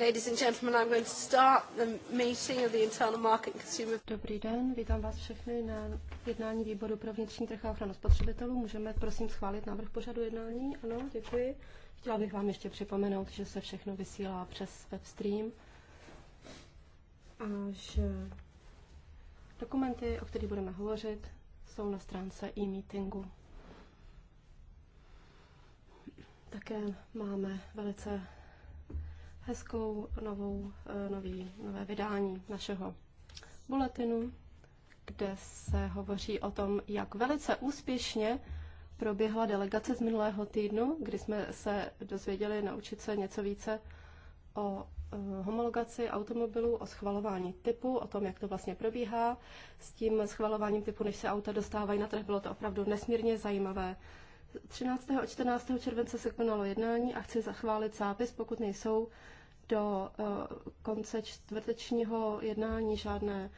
Ladies and gentlemen, I'm going to start the meeting of the Internal Market Consumer. Dobrý den, vítám vás všechny na jednání výboru pro vnitřní trh a ochranu spotřebitelů. Můžeme prosím schválit návrh pořadu jednání? Ano, děkuji. Chtěla bych vám ještě připomenout, že se všechno vysílá přes webstream a že dokumenty, o kterých budeme hovořit, jsou na stránce e-meetingu. Také máme velice hezkou novou, eh, nový, nové vydání našeho bulletinu, kde se hovoří o tom, jak velice úspěšně proběhla delegace z minulého týdnu, kdy jsme se dozvěděli naučit se něco více o eh, homologaci automobilů, o schvalování typu, o tom, jak to vlastně probíhá. S tím schvalováním typu, než se auta dostávají na trh, bylo to opravdu nesmírně zajímavé. 13. a 14. července se konalo jednání a chci zachválit zápis, pokud nejsou do eh, konce čtvrtečního jednání žádné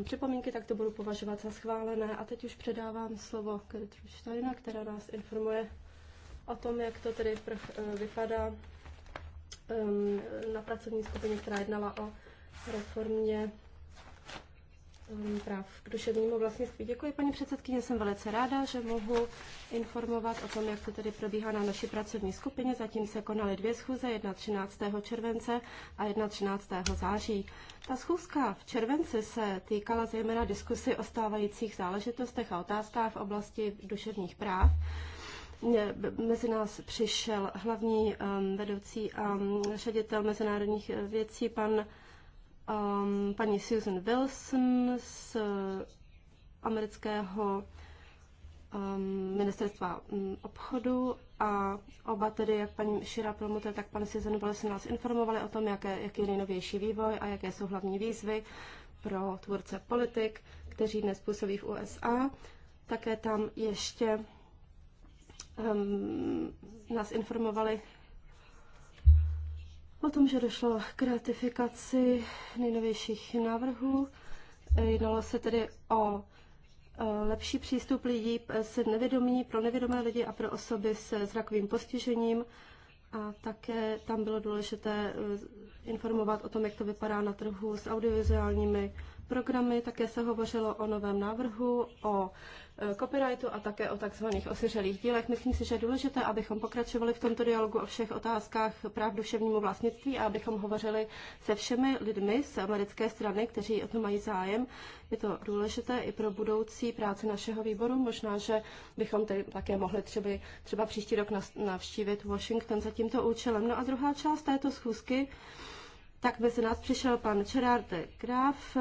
eh, připomínky, tak to budu považovat za schválené. A teď už předávám slovo Gertrude Steina, která nás informuje o tom, jak to tedy eh, vypadá na pracovní skupině, která jednala o reformě práv k duševnímu vlastnictví. Děkuji, paní předsedkyně, jsem velice ráda, že mohu informovat o tom, jak to tedy probíhá na naší pracovní skupině. Zatím se konaly dvě schůze, jedna 13. července a jedna 13. září. Ta schůzka v červenci se týkala zejména diskusy o stávajících záležitostech a otázkách v oblasti duševních práv mezi nás přišel hlavní um, vedoucí a um, ředitel mezinárodních eh, věcí, pan um, paní Susan Wilson z eh, amerického um, ministerstva mm, obchodu a oba tedy, jak paní Šira Promoter, tak pan Susan Wilson nás informovali o tom, jaké, jaký je nejnovější vývoj a jaké jsou hlavní výzvy pro tvůrce politik, kteří dnes působí v USA. Také tam ještě um, nás informovali o tom, že došlo k ratifikaci nejnovějších návrhů. Eh, jednalo se tedy o eh, lepší přístup lidí se nevědomí, pro nevědomé lidi a pro osoby se zrakovým postižením. A také tam bylo důležité eh, informovat o tom, jak to vypadá na trhu s audiovizuálními programy, také se hovořilo o novém návrhu, o e, copyrightu a také o takzvaných osiřelých dílech. Myslím si, že je důležité, abychom pokračovali v tomto dialogu o všech otázkách práv duševnímu vlastnictví a abychom hovořili se všemi lidmi z americké strany, kteří o to mají zájem. Je to důležité i pro budoucí práci našeho výboru. Možná, že bychom tady také mohli třeba, třeba příští rok navštívit Washington za tímto účelem. No a druhá část této schůzky tak mezi nás přišel pan Gerard Graf,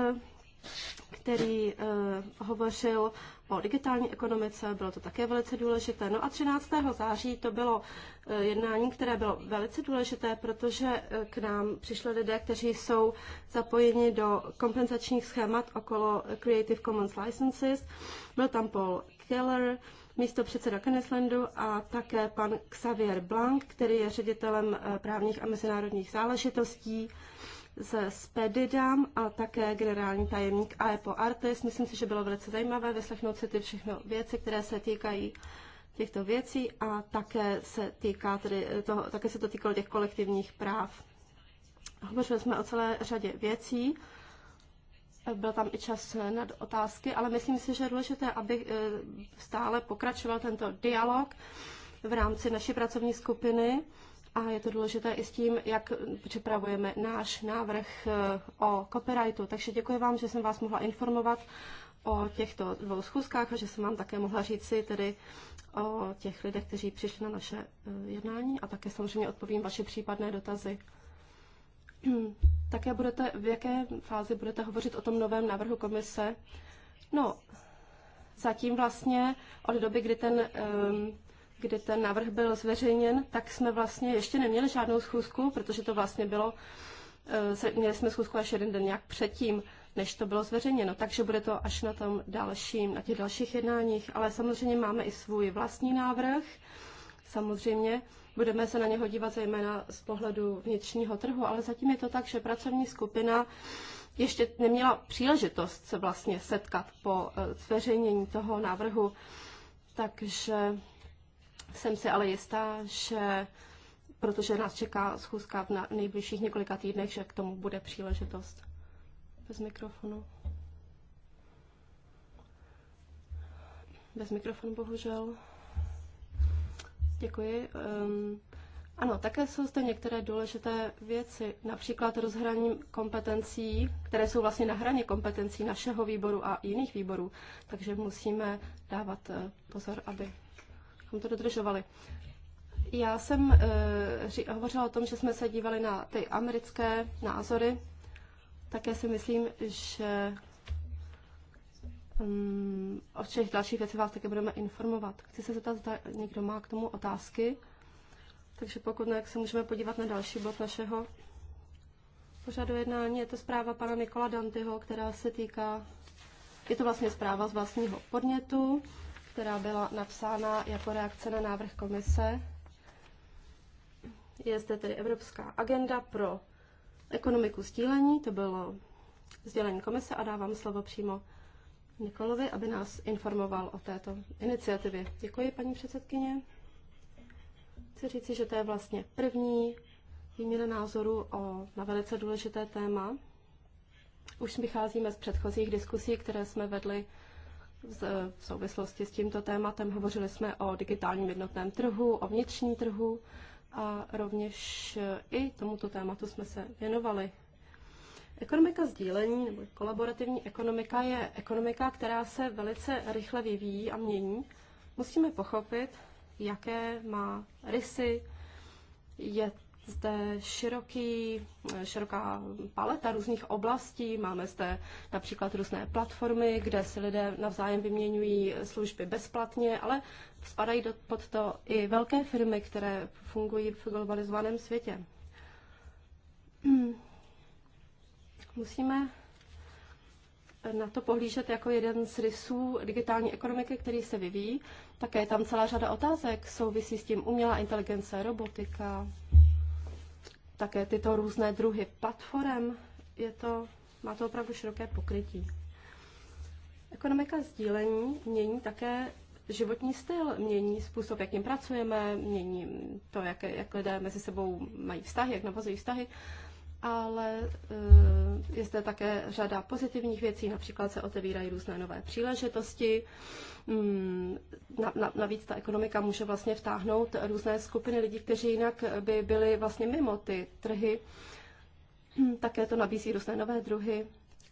který uh, hovořil o digitální ekonomice, bylo to také velice důležité. No a 13. září to bylo eh, jednání, které bylo velice důležité, protože eh, k nám přišli lidé, kteří jsou zapojeni do kompenzačních schémat okolo Creative Commons Licenses. Byl tam Paul Keller, místo předseda Kenneslandu a také pan Xavier Blanc, který je ředitelem právních a mezinárodních záležitostí ze Spedidam a také generální tajemník AEPO Artis. Myslím si, že bylo velice zajímavé vyslechnout si ty všechno věci, které se týkají těchto věcí a také se, týká tedy toho, také se to týkalo těch kolektivních práv. Hovořili jsme o celé řadě věcí, byl tam i čas na otázky, ale myslím si, že je důležité, aby eh, stále pokračoval tento dialog v rámci naší pracovní skupiny. A je to důležité i s tím, jak připravujeme náš návrh eh, o copyrightu. Takže děkuji vám, že jsem vás mohla informovat o těchto dvou schůzkách a že jsem vám také mohla říci tedy o těch lidech, kteří přišli na naše eh, jednání a také samozřejmě odpovím vaše případné dotazy. Také budete, v jaké fázi budete hovořit o tom novém návrhu komise? No, zatím vlastně od doby, kdy ten um, kdy ten návrh byl zveřejněn, tak jsme vlastně ještě neměli žádnou schůzku, protože to vlastně bylo, eh, měli jsme schůzku až jeden den nějak předtím, než to bylo zveřejněno, takže bude to až na tom dalším, na těch dalších jednáních, ale samozřejmě máme i svůj vlastní návrh, samozřejmě budeme se na něho dívat zejména z pohledu vnitřního trhu, ale zatím je to tak, že pracovní skupina ještě neměla příležitost se vlastně setkat po eh, zveřejnění toho návrhu, takže jsem si ale jistá, že protože nás čeká schůzka v nejbližších několika týdnech, že k tomu bude příležitost. Bez mikrofonu. Bez mikrofonu, bohužel. Děkuji. Um, ano, také jsou zde některé důležité věci, například rozhraní kompetencí, které jsou vlastně na hraně kompetencí našeho výboru a jiných výborů, takže musíme dávat eh, pozor, aby abychom to dodržovali. Já jsem eh, ři- hovořila o tom, že jsme se dívali na ty americké názory. Také si myslím, že um, o všech dalších věcech vás také budeme informovat. Chci se zeptat, zda někdo má k tomu otázky. Takže pokud ne, se můžeme podívat na další bod našeho pořadu jednání. Je to zpráva pana Nikola Dantyho, která se týká, je to vlastně zpráva z vlastního podnětu která byla napsána jako reakce na návrh komise. Je zde tedy Evropská agenda pro ekonomiku sdílení, to bylo sdělení komise a dávám slovo přímo Nikolovi, aby nás informoval o této iniciativě. Děkuji, paní předsedkyně. Chci říci, že to je vlastně první výměna názoru o, na velice důležité téma. Už vycházíme z předchozích diskusí, které jsme vedli v souvislosti s tímto tématem. Hovořili jsme o digitálním jednotném trhu, o vnitřním trhu a rovněž e, i tomuto tématu jsme se věnovali. Ekonomika sdílení nebo kolaborativní ekonomika je ekonomika, která se velice rychle vyvíjí a mění. Musíme pochopit, jaké má rysy, je zde široký, široká paleta různých oblastí. Máme zde například různé platformy, kde si lidé navzájem vyměňují služby bezplatně, ale spadají do, pod to i velké firmy, které fungují v globalizovaném světě. Hmm. Musíme na to pohlížet jako jeden z rysů digitální ekonomiky, který se vyvíjí. Také je tam celá řada otázek, souvisí s tím umělá inteligence, robotika, také tyto různé druhy platform. Je to, má to opravdu široké pokrytí. Ekonomika sdílení mění také životní styl, mění způsob, jakým pracujeme, mění to, jak, jak lidé mezi sebou mají vztahy, jak navazují vztahy ale eh, je zde také řada pozitivních věcí, například se otevírají různé nové příležitosti. Mm, navíc ta ekonomika může vlastně vtáhnout různé skupiny lidí, kteří jinak by byli vlastně mimo ty trhy. Hm, také to nabízí různé nové druhy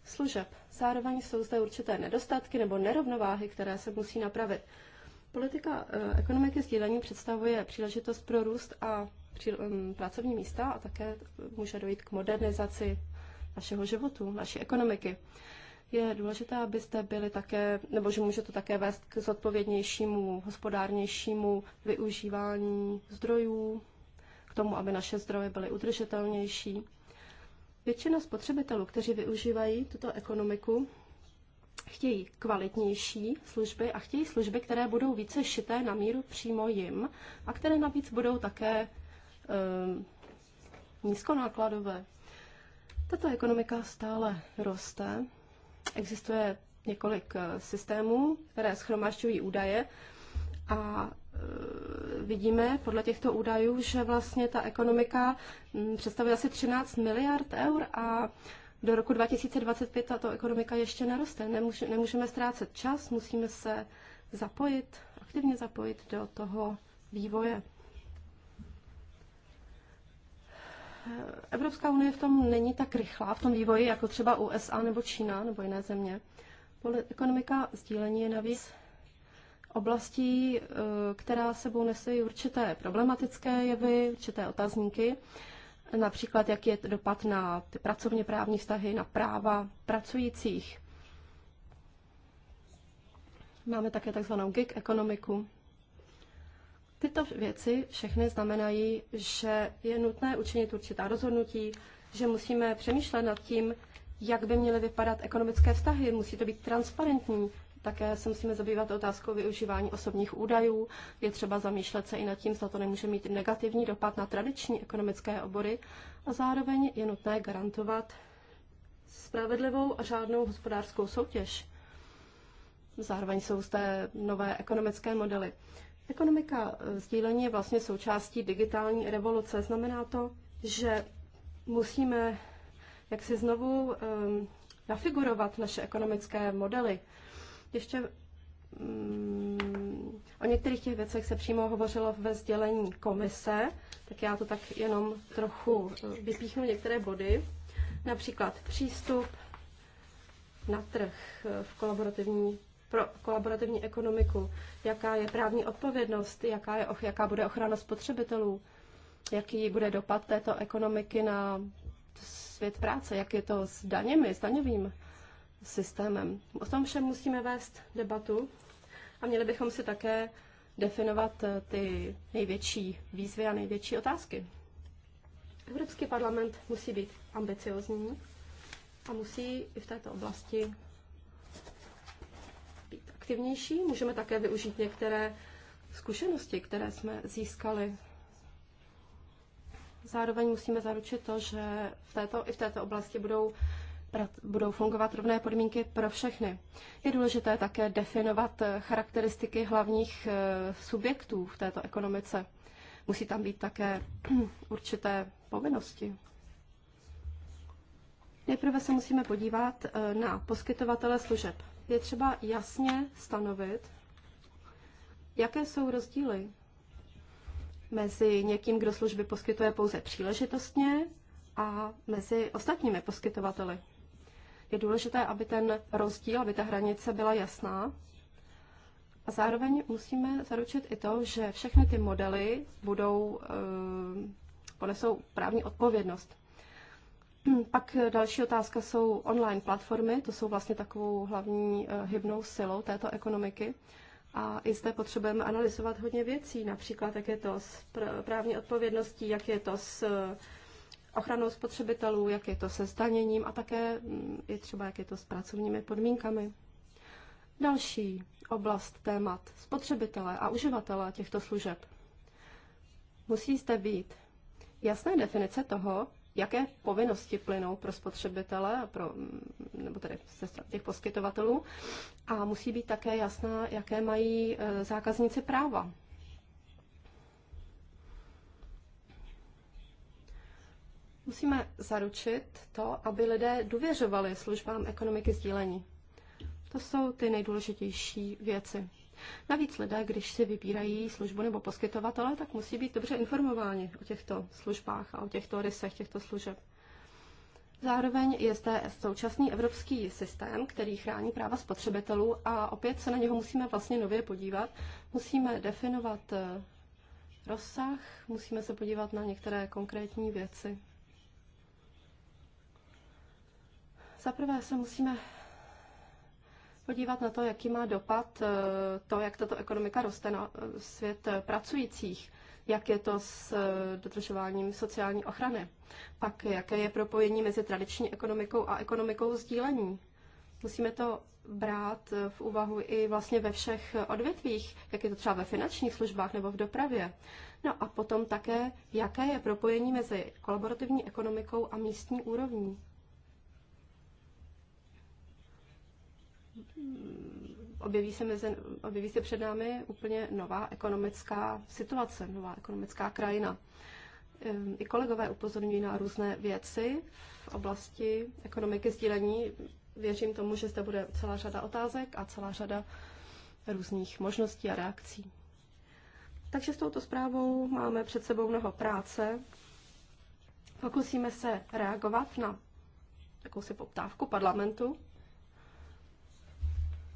služeb. Zároveň jsou zde určité nedostatky nebo nerovnováhy, které se musí napravit. Politika eh, ekonomiky sdílení představuje příležitost pro růst a pracovní místa a také může dojít k modernizaci našeho životu, naší ekonomiky. Je důležité, abyste byli také, nebo že může to také vést k zodpovědnějšímu, hospodárnějšímu využívání zdrojů, k tomu, aby naše zdroje byly udržitelnější. Většina spotřebitelů, kteří využívají tuto ekonomiku, chtějí kvalitnější služby a chtějí služby, které budou více šité na míru přímo jim a které navíc budou také Ehm, nízkonákladové. Tato ekonomika stále roste. Existuje několik eh, systémů, které schromažďují údaje a eh, vidíme podle těchto údajů, že vlastně ta ekonomika hm, představuje asi 13 miliard eur a do roku 2025 tato ekonomika ještě neroste. Nemůže, nemůžeme ztrácet čas, musíme se zapojit, aktivně zapojit do toho vývoje. Evropská unie v tom není tak rychlá, v tom vývoji, jako třeba USA nebo Čína nebo jiné země. Ekonomika sdílení je navíc oblastí, eh, která sebou nese i určité problematické jevy, určité otazníky, například jak je dopad na ty pracovně právní vztahy, na práva pracujících. Máme také takzvanou gig ekonomiku, Tyto věci všechny znamenají, že je nutné učinit určitá rozhodnutí, že musíme přemýšlet nad tím, jak by měly vypadat ekonomické vztahy. Musí to být transparentní. Také se musíme zabývat otázkou využívání osobních údajů. Je třeba zamýšlet se i nad tím, zda to nemůže mít negativní dopad na tradiční ekonomické obory. A zároveň je nutné garantovat spravedlivou a řádnou hospodářskou soutěž. Zároveň jsou zde nové ekonomické modely. Ekonomika eh, sdílení je vlastně součástí digitální revoluce. Znamená to, že musíme jak si znovu um, nafigurovat naše ekonomické modely. Ještě um, o některých těch věcech se přímo hovořilo ve sdělení komise, tak já to tak jenom trochu eh, vypíchnu některé body. Například přístup na trh eh, v kolaborativní pro kolaborativní ekonomiku, jaká je právní odpovědnost, jaká, je, jaká bude ochrana spotřebitelů, jaký bude dopad této ekonomiky na svět práce, jak je to s daněmi, s daňovým systémem. O tom všem musíme vést debatu a měli bychom si také definovat eh, ty největší výzvy a největší otázky. Evropský parlament musí být ambiciozní a musí i v této oblasti aktivnější. Můžeme také využít některé zkušenosti, které jsme získali. Zároveň musíme zaručit to, že v této, i v této oblasti budou, budou fungovat rovné podmínky pro všechny. Je důležité také definovat charakteristiky hlavních eh, subjektů v této ekonomice. Musí tam být také určité povinnosti. Nejprve se musíme podívat eh, na poskytovatele služeb je třeba jasně stanovit, jaké jsou rozdíly mezi někým, kdo služby poskytuje pouze příležitostně a mezi ostatními poskytovateli. Je důležité, aby ten rozdíl, aby ta hranice byla jasná. A zároveň musíme zaručit i to, že všechny ty modely budou, eh, ponesou právní odpovědnost. Hm, pak eh, další otázka jsou online platformy, to jsou vlastně takovou hlavní eh, hybnou silou této ekonomiky. A i zde potřebujeme analyzovat hodně věcí, například jak je to s právní odpovědností, jak je to s eh, ochranou spotřebitelů, jak je to se zdaněním a také je hm, třeba, jak je to s pracovními podmínkami. Další oblast témat spotřebitele a uživatele těchto služeb. Musí zde být jasné definice toho, jaké povinnosti plynou pro spotřebitele, pro, mm, nebo tedy se těch poskytovatelů a musí být také jasná, jaké mají e, zákazníci práva. Musíme zaručit to, aby lidé důvěřovali službám ekonomiky sdílení. To jsou ty nejdůležitější věci. Navíc lidé, když si vybírají službu nebo poskytovatele, tak musí být dobře informováni o těchto službách a o těchto rysech těchto služeb. Zároveň je zde současný evropský systém, který chrání práva spotřebitelů a opět se na něho musíme vlastně nově podívat. Musíme definovat eh, rozsah, musíme se podívat na některé konkrétní věci. Za prvé se musíme podívat na to, jaký má dopad eh, to, jak tato ekonomika roste na eh, svět eh, pracujících, jak je to s dodržováním sociální ochrany, pak jaké je propojení mezi tradiční ekonomikou a ekonomikou sdílení. Musíme to brát v úvahu i vlastně ve všech odvětvích, jak je to třeba ve finančních službách nebo v dopravě. No a potom také, jaké je propojení mezi kolaborativní ekonomikou a místní úrovní. Mm, objeví se, mezi, objeví se před námi úplně nová ekonomická situace, nová ekonomická krajina. Ehm, I kolegové upozorňují na různé věci v oblasti ekonomiky sdílení. Věřím tomu, že zde bude celá řada otázek a celá řada různých možností a reakcí. Takže s touto zprávou máme před sebou mnoho práce. Pokusíme se reagovat na jakousi poptávku parlamentu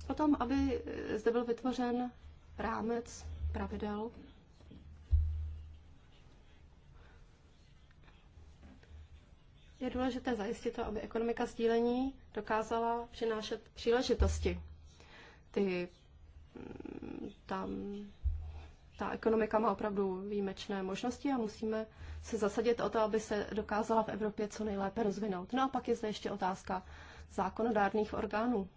o tom, aby zde byl vytvořen rámec pravidel je důležité zajistit to, aby ekonomika sdílení dokázala přinášet příležitosti. Ty, mm, tam, ta ekonomika má opravdu výjimečné možnosti a musíme se zasadit o to, aby se dokázala v Evropě co nejlépe rozvinout. No a pak je zde ještě otázka zákonodárných orgánů.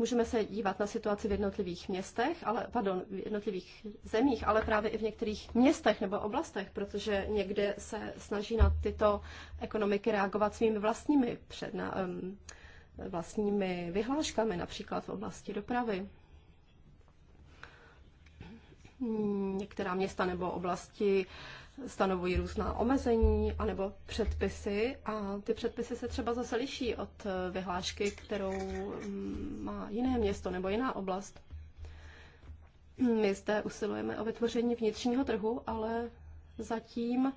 Můžeme se dívat na situaci v jednotlivých městech, ale, pardon, v jednotlivých zemích, ale právě i v některých městech nebo oblastech, protože někde se snaží na tyto ekonomiky reagovat svými vlastními, um, vlastními vyhláškami, například v oblasti dopravy. Některá města nebo oblasti stanovují různá omezení anebo předpisy a ty předpisy se třeba zase liší od eh, vyhlášky, kterou mm, má jiné město nebo jiná oblast. My zde usilujeme o vytvoření vnitřního trhu, ale zatím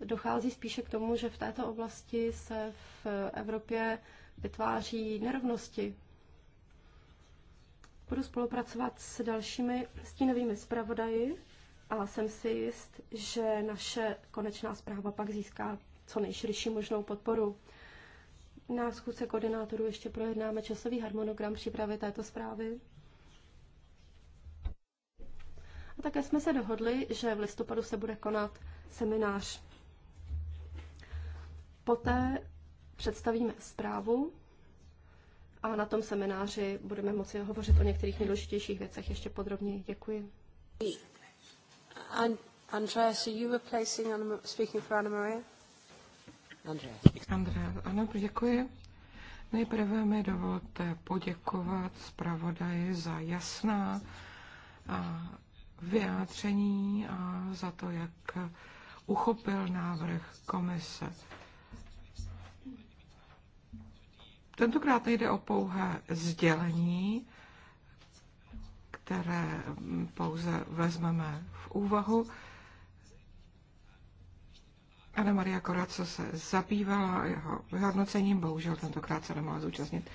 dochází spíše k tomu, že v této oblasti se v Evropě vytváří nerovnosti. Budu spolupracovat s dalšími stínovými zpravodaji a jsem si jist, že naše konečná zpráva pak získá co nejširší možnou podporu. Na schůdce koordinátorů ještě projednáme časový harmonogram přípravy této zprávy. A také jsme se dohodli, že v listopadu se bude konat seminář. Poté představíme zprávu a na tom semináři budeme moci hovořit o některých nejdůležitějších věcech ještě podrobněji. Děkuji. Andreas, are you replacing Anna, speaking for Anna Maria? Andreas. Andreas, ano, děkuji. Nejprve mi dovolte poděkovat zpravodaji za jasná a vyjádření a za to, jak uchopil návrh komise. Tentokrát nejde o pouhé sdělení, které pouze vezmeme v úvahu. Ana Maria Corazzo se zabývala jeho vyhodnocením, bohužel tentokrát se nemohla zúčastnit.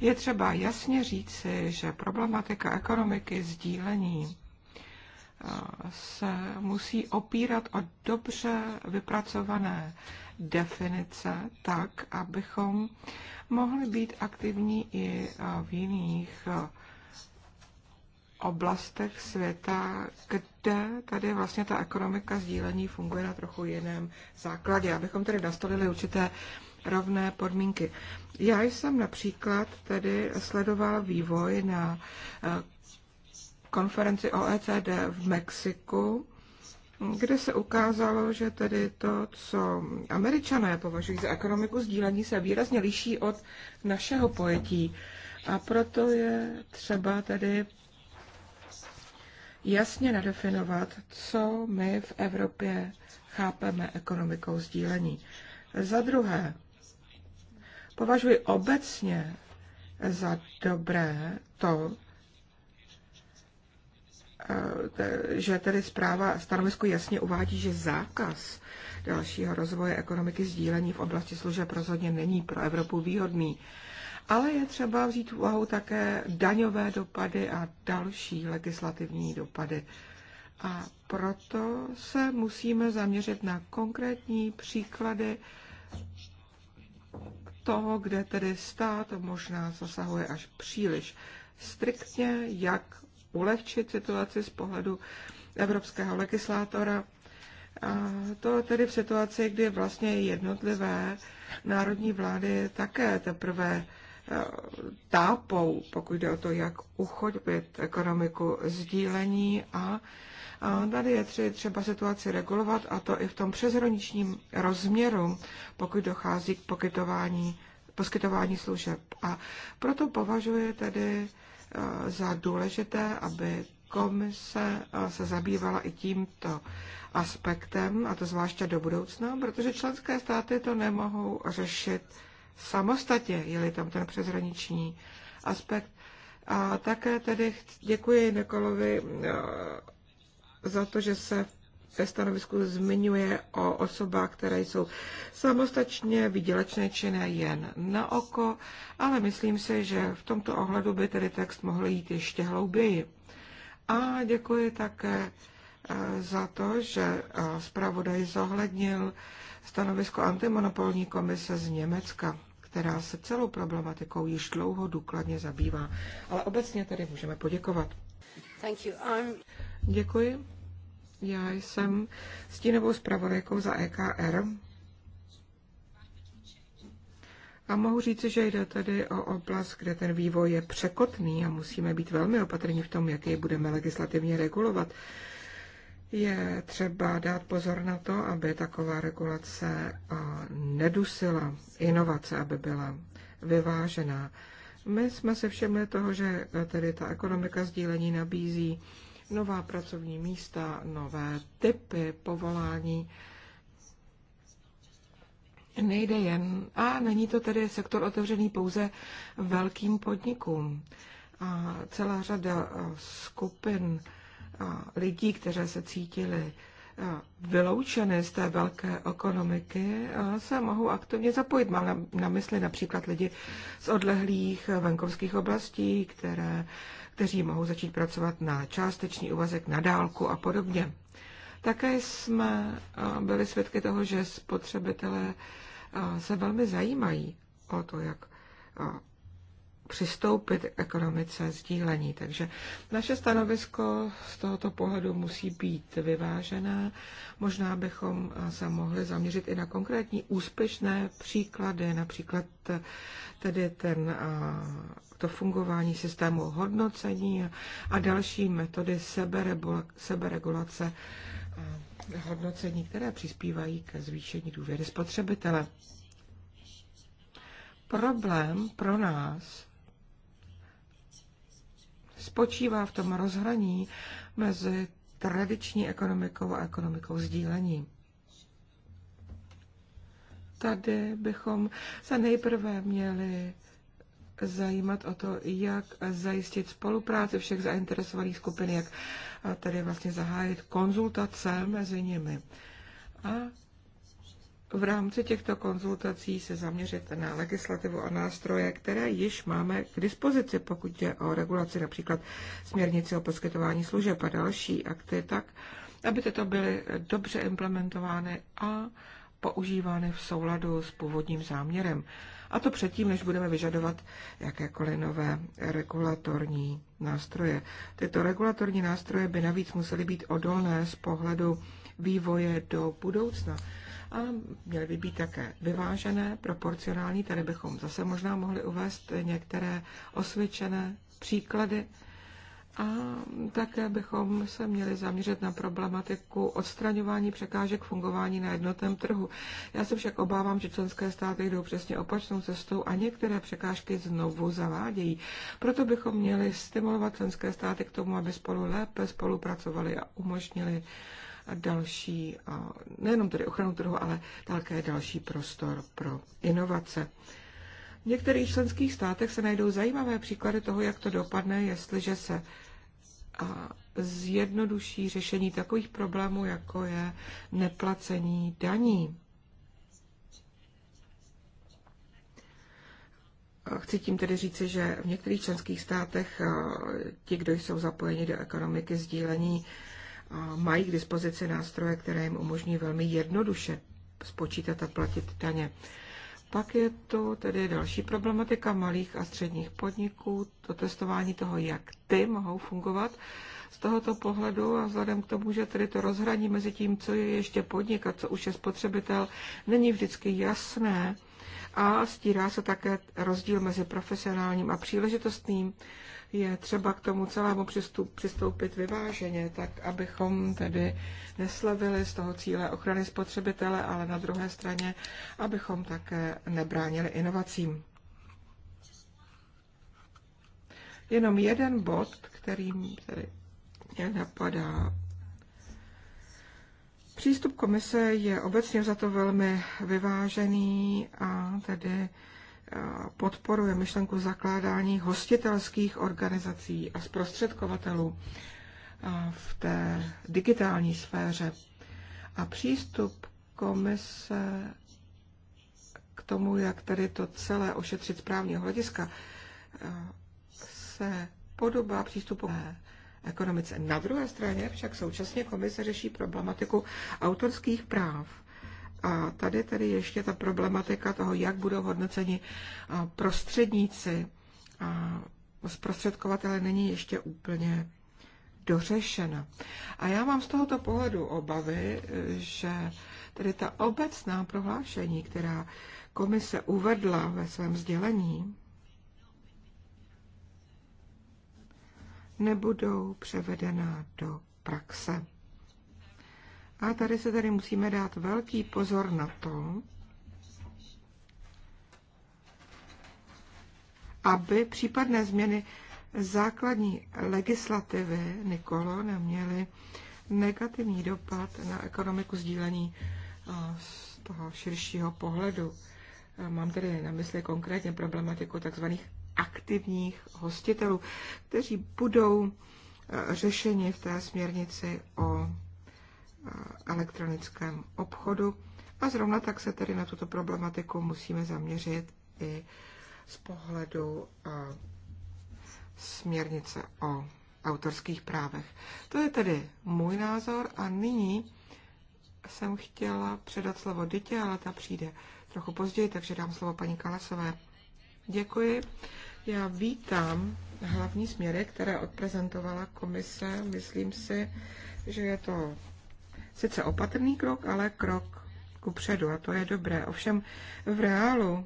Je třeba jasně říci, že problematika ekonomiky sdílení eh, se musí opírat o dobře vypracované definice, tak, abychom mohli být aktivní i v jiných eh, oblastech světa, kde tady vlastně ta ekonomika sdílení funguje na trochu jiném základě, abychom tedy nastolili určité rovné podmínky. Já jsem například tedy sledoval vývoj na eh, konferenci OECD v Mexiku, kde se ukázalo, že tedy to, co američané považují za ekonomiku sdílení, se výrazně liší od našeho pojetí. A proto je třeba tedy jasně nadefinovat, co my v Evropě chápeme ekonomikou sdílení. Za druhé, považuji obecně za dobré to, eh, že tedy zpráva stanovisko jasně uvádí, že zákaz dalšího rozvoje ekonomiky sdílení v oblasti služeb rozhodně není pro Evropu výhodný ale je třeba vzít v úvahu také daňové dopady a další legislativní dopady. A proto se musíme zaměřit na konkrétní příklady toho, kde tedy stát možná zasahuje až příliš striktně, jak ulehčit situaci z pohledu evropského legislátora. A to tedy v situaci, kdy vlastně jednotlivé národní vlády také teprve tápou, pokud jde o to, jak uchodbit ekonomiku sdílení a a tady je tři, třeba situaci regulovat, a to i v tom přeshraničním rozměru, pokud dochází k poskytování služeb. A proto považuji tedy e, za důležité, aby komise e, se zabývala i tímto aspektem, a to zvláště do budoucna, protože členské státy to nemohou řešit samostatně, je-li tam ten přeshraniční aspekt. A také tedy děkuji Nikolovi eh, za to, že se ve stanovisku zmiňuje o osobách, které jsou samostatně výdělečné činné jen na oko, ale myslím si, že v tomto ohledu by tedy text mohl jít ještě hlouběji. A děkuji také E, za to, že e, zpravodaj zohlednil stanovisko antimonopolní komise z Německa, která se celou problematikou již dlouho důkladně zabývá. Ale obecně tedy můžeme poděkovat. Thank you. I'm... Děkuji. Já jsem stínovou zpravodajkou za EKR. A mohu říci, že jde tedy o oblast, kde ten vývoj je překotný a musíme být velmi opatrní v tom, jak jej budeme legislativně regulovat. Je třeba dát pozor na to, aby taková regulace nedusila inovace, aby byla vyvážená. My jsme se všimli toho, že e, tedy ta ekonomika sdílení nabízí nová pracovní místa, nové typy povolání. Nejde jen, a není to tedy sektor otevřený pouze velkým podnikům. A celá řada e, skupin lidí, kteří se cítili eh, vyloučené z té velké ekonomiky, eh, se mohou aktivně zapojit. Mám na, na mysli například lidi z odlehlých venkovských oblastí, které, kteří mohou začít pracovat na částečný úvazek, na dálku a podobně. Také jsme eh, byli svědky toho, že spotřebitelé se velmi zajímají o to, jak přistoupit k ekonomice sdílení. Takže naše stanovisko z tohoto pohledu musí být vyvážené. Možná bychom se mohli zaměřit i na konkrétní úspěšné příklady, například tedy ten, to fungování systému hodnocení a další metody seberegulace hodnocení, které přispívají ke zvýšení důvěry spotřebitele. Problém pro nás spočívá v tom rozhraní mezi tradiční ekonomikou a ekonomikou sdílení. Tady bychom se nejprve měli zajímat o to, jak zajistit spolupráci všech zainteresovaných skupin, jak tady vlastně zahájit konzultace mezi nimi. A v rámci těchto konzultací se zaměřit na legislativu a nástroje, které již máme k dispozici, pokud je o regulaci například směrnice o poskytování služeb a další akty, tak aby tyto byly dobře implementovány a používány v souladu s původním záměrem. A to předtím, než budeme vyžadovat jakékoliv nové regulatorní nástroje. Tyto regulatorní nástroje by navíc musely být odolné z pohledu vývoje do budoucna a měly by být také vyvážené, proporcionální. Tady bychom zase možná mohli uvést některé osvědčené příklady. A také bychom se měli zaměřit na problematiku odstraňování překážek fungování na jednotném trhu. Já se však obávám, že členské státy jdou přesně opačnou cestou a některé překážky znovu zavádějí. Proto bychom měli stimulovat členské státy k tomu, aby spolu lépe spolupracovali a umožnili další, nejenom tedy ochranu trhu, ale také další prostor pro inovace. V některých členských státech se najdou zajímavé příklady toho, jak to dopadne, jestliže se zjednoduší řešení takových problémů, jako je neplacení daní. Chci tím tedy říci, že v některých členských státech ti, kdo jsou zapojeni do ekonomiky sdílení, mají k dispozici nástroje, které jim umožní velmi jednoduše spočítat a platit daně. Pak je to tedy další problematika malých a středních podniků, to testování toho, jak ty mohou fungovat z tohoto pohledu a vzhledem k tomu, že tedy to rozhraní mezi tím, co je ještě podnik a co už je spotřebitel, není vždycky jasné a stírá se také rozdíl mezi profesionálním a příležitostným je třeba k tomu celému přistup, přistoupit vyváženě, tak abychom tedy neslevili z toho cíle ochrany spotřebitele, ale na druhé straně, abychom také nebránili inovacím. Jenom jeden bod, který tedy mě napadá. Přístup komise je obecně za to velmi vyvážený a tedy podporuje myšlenku zakládání hostitelských organizací a zprostředkovatelů v té digitální sféře. A přístup komise k tomu, jak tady to celé ošetřit z právního hlediska, se podobá přístupu ekonomice. Na druhé straně však současně komise řeší problematiku autorských práv a tady tedy ještě ta problematika toho, jak budou hodnoceni prostředníci a zprostředkovatele není ještě úplně dořešena. A já mám z tohoto pohledu obavy, že tedy ta obecná prohlášení, která komise uvedla ve svém sdělení, nebudou převedena do praxe. A tady se tady musíme dát velký pozor na to, aby případné změny základní legislativy Nikolo neměly negativní dopad na ekonomiku sdílení z toho širšího pohledu. Mám tedy na mysli konkrétně problematiku tzv. aktivních hostitelů, kteří budou řešeni v té směrnici o elektronickém obchodu. A zrovna tak se tedy na tuto problematiku musíme zaměřit i z pohledu směrnice o autorských právech. To je tedy můj názor a nyní jsem chtěla předat slovo Dytě, ale ta přijde trochu později, takže dám slovo paní Kalasové. Děkuji. Já vítám hlavní směry, které odprezentovala komise. Myslím si, že je to sice opatrný krok, ale krok ku předu a to je dobré. Ovšem v reálu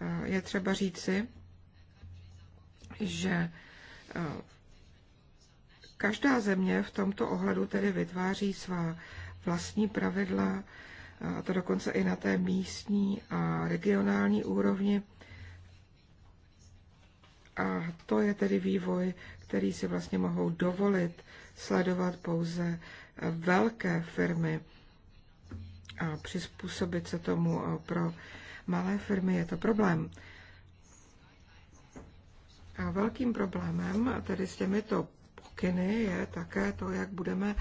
eh, je třeba říci, že eh, každá země v tomto ohledu tedy vytváří svá vlastní pravidla, eh, a to dokonce i na té místní a regionální úrovni. A to je tedy vývoj, který si vlastně mohou dovolit sledovat pouze velké firmy a přizpůsobit se tomu eh, pro malé firmy je to problém. A velkým problémem tedy s těmito pokyny je také to, jak budeme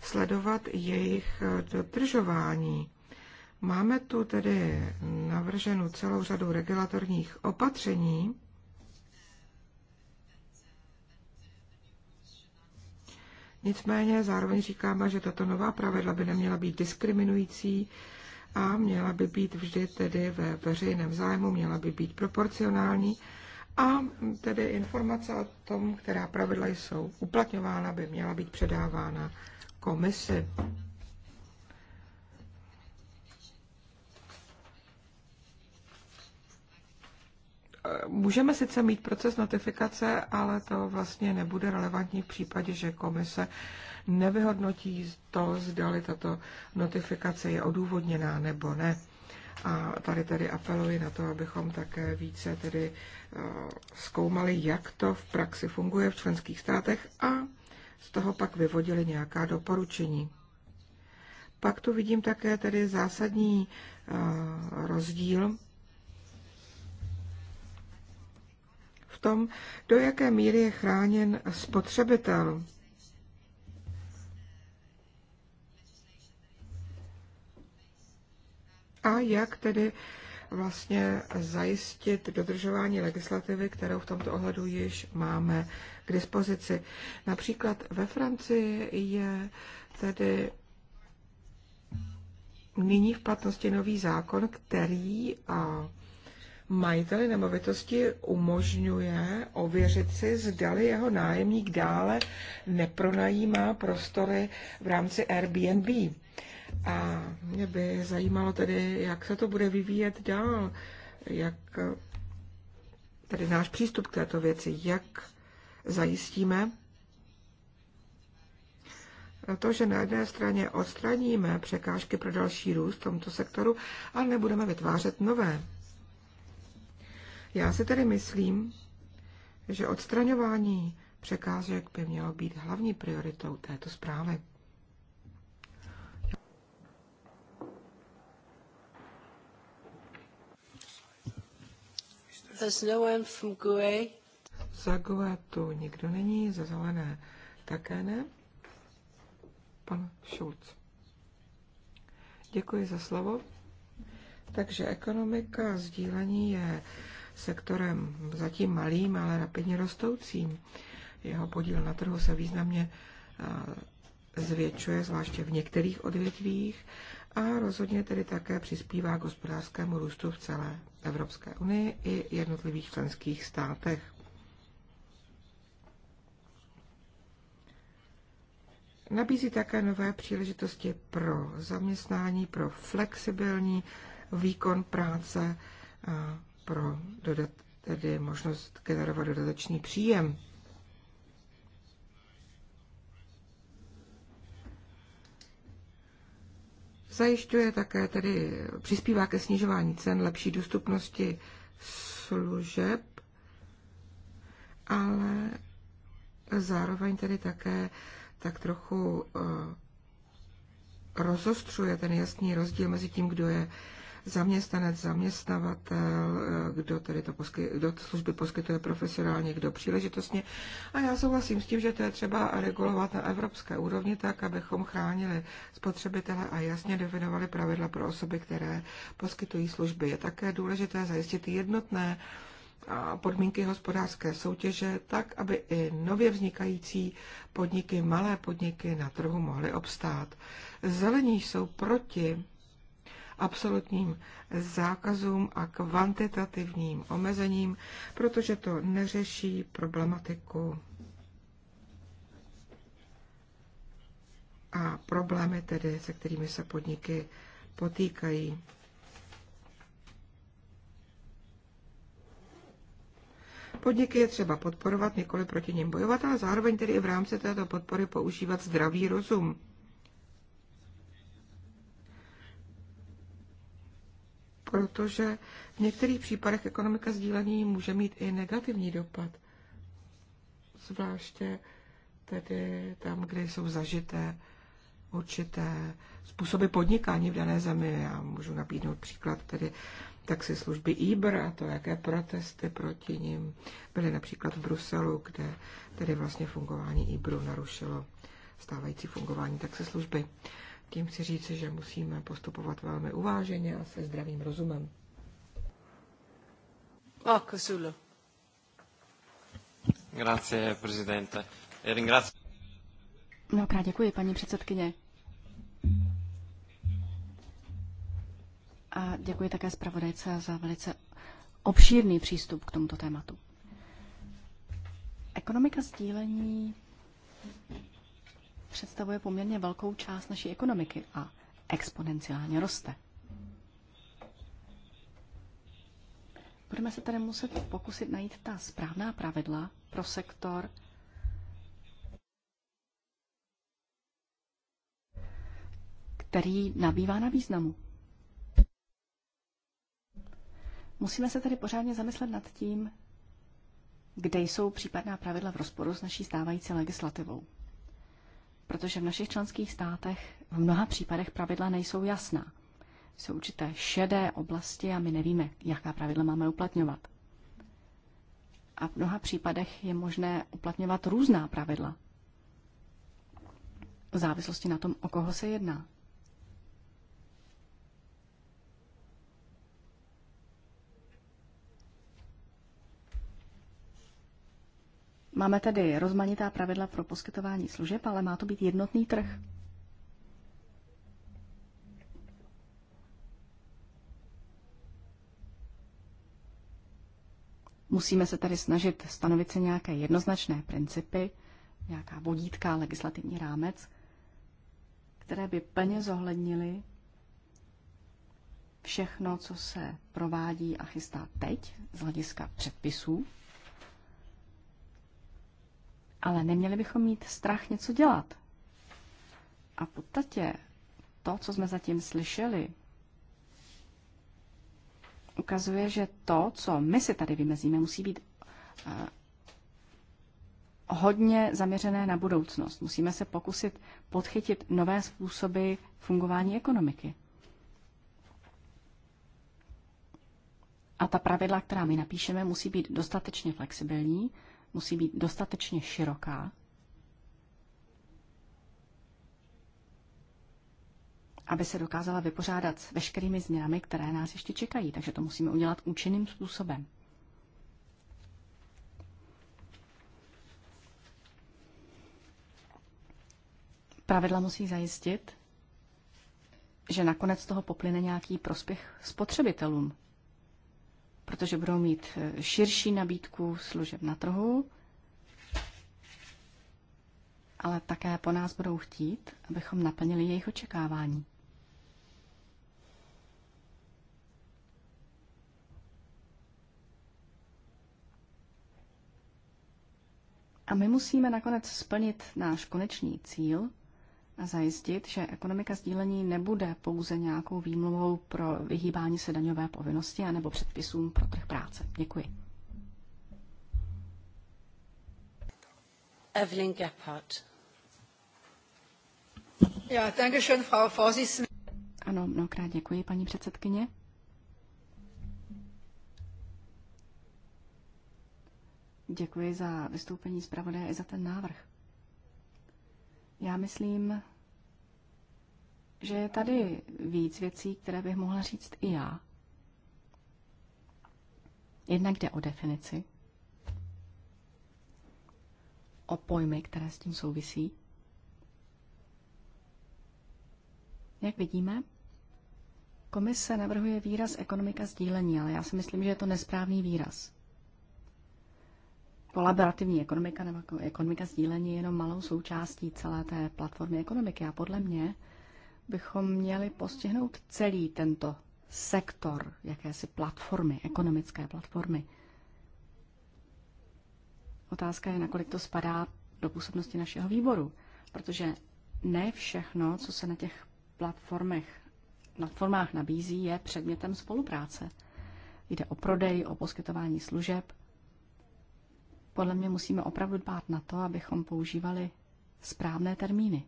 sledovat jejich eh, dodržování. Máme tu tedy navrženu celou řadu regulatorních opatření, Nicméně zároveň říkáme, že tato nová pravidla by neměla být diskriminující a měla by být vždy tedy ve veřejném zájmu, měla by být proporcionální a tedy informace o tom, která pravidla jsou uplatňována, by měla být předávána komisi. můžeme sice mít proces notifikace, ale to vlastně nebude relevantní v případě, že komise nevyhodnotí to, zdali tato notifikace je odůvodněná nebo ne. A tady tedy apeluji na to, abychom také více tedy eh, zkoumali, jak to v praxi funguje v členských státech a z toho pak vyvodili nějaká doporučení. Pak tu vidím také tedy zásadní eh, rozdíl tom, do jaké míry je chráněn spotřebitel. A jak tedy vlastně zajistit dodržování legislativy, kterou v tomto ohledu již máme k dispozici. Například ve Francii je tedy nyní v platnosti nový zákon, který majiteli nemovitosti umožňuje ověřit si, zdali jeho nájemník dále nepronajímá prostory v rámci Airbnb. A mě by zajímalo tedy, jak se to bude vyvíjet dál, jak tedy náš přístup k této věci, jak zajistíme, to, že na jedné straně odstraníme překážky pro další růst v tomto sektoru, ale nebudeme vytvářet nové. Já si tedy myslím, že odstraňování překážek by mělo být hlavní prioritou této zprávy. No za GUE tu nikdo není, za zelené také ne. Pan Schulz. Děkuji za slovo. Takže ekonomika sdílení je sektorem, zatím malým, ale rapidně rostoucím. Jeho podíl na trhu se významně zvětšuje, zvláště v některých odvětvích a rozhodně tedy také přispívá k hospodářskému růstu v celé Evropské unii i jednotlivých členských státech. Nabízí také nové příležitosti pro zaměstnání, pro flexibilní výkon práce, pro dodat, tedy možnost generovat dodatečný příjem. Zajišťuje také tedy, přispívá ke snižování cen, lepší dostupnosti služeb, ale zároveň tedy také tak trochu eh, rozostřuje ten jasný rozdíl mezi tím, kdo je zaměstnanec, zaměstnavatel, eh, kdo tedy to posky, kdo služby poskytuje profesionálně, kdo příležitostně. A já souhlasím s tím, že to je třeba regulovat na evropské úrovni tak, abychom chránili spotřebitele a jasně definovali pravidla pro osoby, které poskytují služby. Je také důležité zajistit jednotné a podmínky hospodářské soutěže tak, aby i nově vznikající podniky, malé podniky na trhu mohly obstát. Zelení jsou proti absolutním zákazům a kvantitativním omezením, protože to neřeší problematiku a problémy tedy, se kterými se podniky potýkají. Podniky je třeba podporovat, nikoli proti něm bojovat, ale zároveň tedy i v rámci této podpory používat zdravý rozum. protože v některých případech ekonomika sdílení může mít i negativní dopad. Zvláště tedy tam, kde jsou zažité určité způsoby podnikání v dané zemi. Já můžu nabídnout příklad tedy taxi služby Uber a to, jaké protesty proti ním byly například v Bruselu, kde tedy vlastně fungování Uberu narušilo stávající fungování taxislužby. služby. Tím chci říci, že musíme postupovat velmi uváženě a se zdravým rozumem. A ah, Kosulo. Grazie, prezidente. E ringrazio. krát děkuji, paní předsedkyně. A děkuji také zpravodajce za velice obšírný přístup k tomuto tématu. Ekonomika sdílení představuje poměrně velkou část naší ekonomiky a exponenciálně roste. Budeme se tedy muset pokusit najít ta správná pravidla pro sektor, který nabývá na významu. Musíme se tedy pořádně zamyslet nad tím, kde jsou případná pravidla v rozporu s naší stávající legislativou protože v našich členských státech v mnoha případech pravidla nejsou jasná. Jsou určité šedé oblasti a my nevíme, jaká pravidla máme uplatňovat. A v mnoha případech je možné uplatňovat různá pravidla v závislosti na tom, o koho se jedná. Máme tedy rozmanitá pravidla pro poskytování služeb, ale má to být jednotný trh. Musíme se tedy snažit stanovit si nějaké jednoznačné principy, nějaká vodítka, legislativní rámec, které by plně zohlednily všechno, co se provádí a chystá teď z hlediska předpisů ale neměli bychom mít strach něco dělat. A v podstatě to, co jsme zatím slyšeli, ukazuje, že to, co my si tady vymezíme, musí být eh, hodně zaměřené na budoucnost. Musíme se pokusit podchytit nové způsoby fungování ekonomiky. A ta pravidla, která my napíšeme, musí být dostatečně flexibilní, musí být dostatečně široká, aby se dokázala vypořádat s veškerými změnami, které nás ještě čekají. Takže to musíme udělat účinným způsobem. Pravidla musí zajistit, že nakonec toho poplyne nějaký prospěch spotřebitelům protože budou mít eh, širší nabídku služeb na trhu, ale také po nás budou chtít, abychom naplnili jejich očekávání. A my musíme nakonec splnit náš konečný cíl, zajistit, že ekonomika sdílení nebude pouze nějakou výmluvou pro vyhýbání se daňové povinnosti anebo předpisům pro trh práce. Děkuji. Evelyn Gephardt. Ja, danke schön, Frau Vorsitzende. Ano, mnohokrát děkuji, paní předsedkyně. Děkuji za vystoupení zpravodaje i za ten návrh. Já myslím, že je tady víc věcí, které bych mohla říct i já. Jednak jde o definici, o pojmy, které s tím souvisí. Jak vidíme, komise navrhuje výraz ekonomika sdílení, ale já si myslím, že je to nesprávný výraz. Kolaborativní ekonomika nebo ekonomika sdílení je jenom malou součástí celé té platformy ekonomiky a podle mě bychom měli postihnout celý tento sektor, jakési platformy, ekonomické platformy. Otázka je, nakolik to spadá do působnosti našeho výboru, protože ne všechno, co se na těch platformech, platformách nabízí, je předmětem spolupráce. Jde o prodej, o poskytování služeb. Podle mě musíme opravdu dbát na to, abychom používali správné termíny.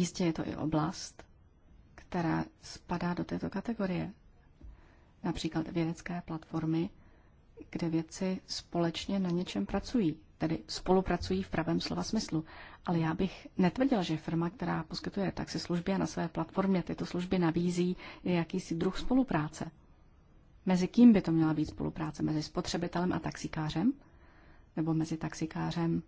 Jistě je to i oblast, která spadá do této kategorie. Například vědecké platformy, kde vědci společně na něčem pracují, tedy spolupracují v pravém slova smyslu. Ale já bych netvrdila, že firma, která poskytuje služby a na své platformě tyto služby nabízí, je jakýsi druh spolupráce. Mezi kým by to měla být spolupráce? Mezi spotřebitelem a taxikářem? Nebo mezi taxikářem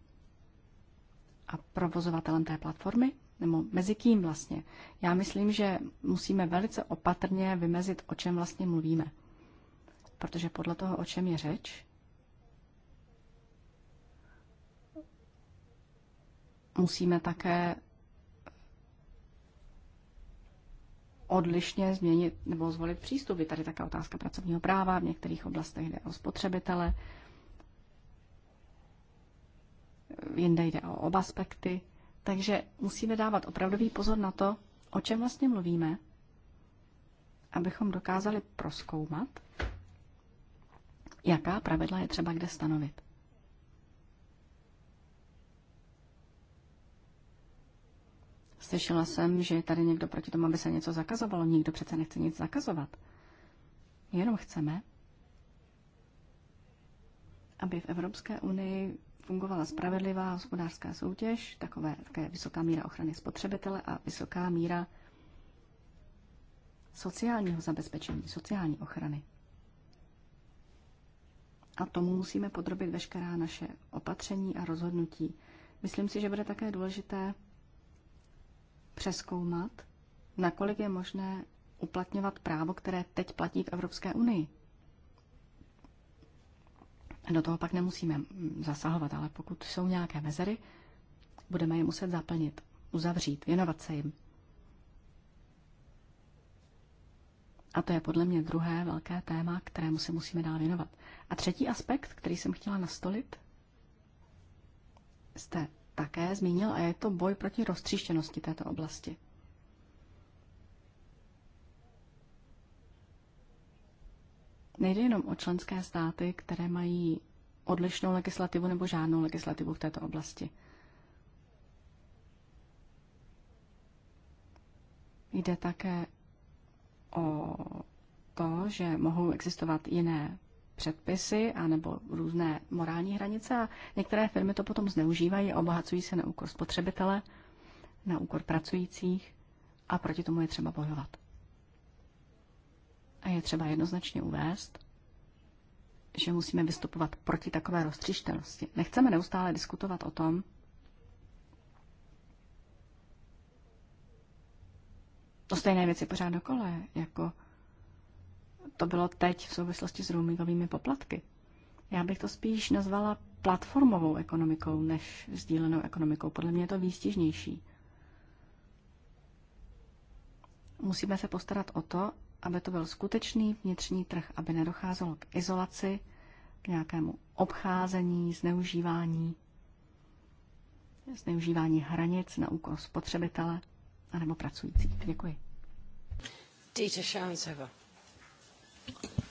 a provozovatelem té platformy? nebo mezi kým vlastně. Já myslím, že musíme velice opatrně vymezit, o čem vlastně mluvíme. Protože podle toho, o čem je řeč, musíme také odlišně změnit nebo zvolit přístup. Je tady také otázka pracovního práva, v některých oblastech jde o spotřebitele, jinde jde o oba aspekty. Takže musíme dávat opravdový pozor na to, o čem vlastně mluvíme, abychom dokázali proskoumat, jaká pravidla je třeba kde stanovit. Slyšela jsem, že je tady někdo proti tomu, aby se něco zakazovalo. Nikdo přece nechce nic zakazovat. Jenom chceme, aby v Evropské unii fungovala spravedlivá hospodářská soutěž, takové, také vysoká míra ochrany spotřebitele a vysoká míra sociálního zabezpečení, sociální ochrany. A tomu musíme podrobit veškerá naše opatření a rozhodnutí. Myslím si, že bude také důležité přeskoumat, nakolik je možné uplatňovat právo, které teď platí v Evropské unii. Do toho pak nemusíme zasahovat, ale pokud jsou nějaké mezery, budeme je muset zaplnit, uzavřít, věnovat se jim. A to je podle mě druhé velké téma, kterému se musíme dál věnovat. A třetí aspekt, který jsem chtěla nastolit, jste také zmínil, a je to boj proti roztříštěnosti této oblasti. Nejde jenom o členské státy, které mají odlišnou legislativu nebo žádnou legislativu v této oblasti. Jde také o to, že mohou existovat jiné předpisy anebo různé morální hranice a některé firmy to potom zneužívají a obohacují se na úkor spotřebitele, na úkor pracujících a proti tomu je třeba bojovat. A je třeba jednoznačně uvést, že musíme vystupovat proti takové roztřištěnosti. Nechceme neustále diskutovat o tom, to stejné věci pořád dokole, jako to bylo teď v souvislosti s roamingovými poplatky. Já bych to spíš nazvala platformovou ekonomikou než sdílenou ekonomikou. Podle mě je to výstižnější. Musíme se postarat o to, aby to byl skutečný vnitřní trh, aby nedocházelo k izolaci, k nějakému obcházení, zneužívání, zneužívání hranic na úkor spotřebitele anebo pracujících. Děkuji.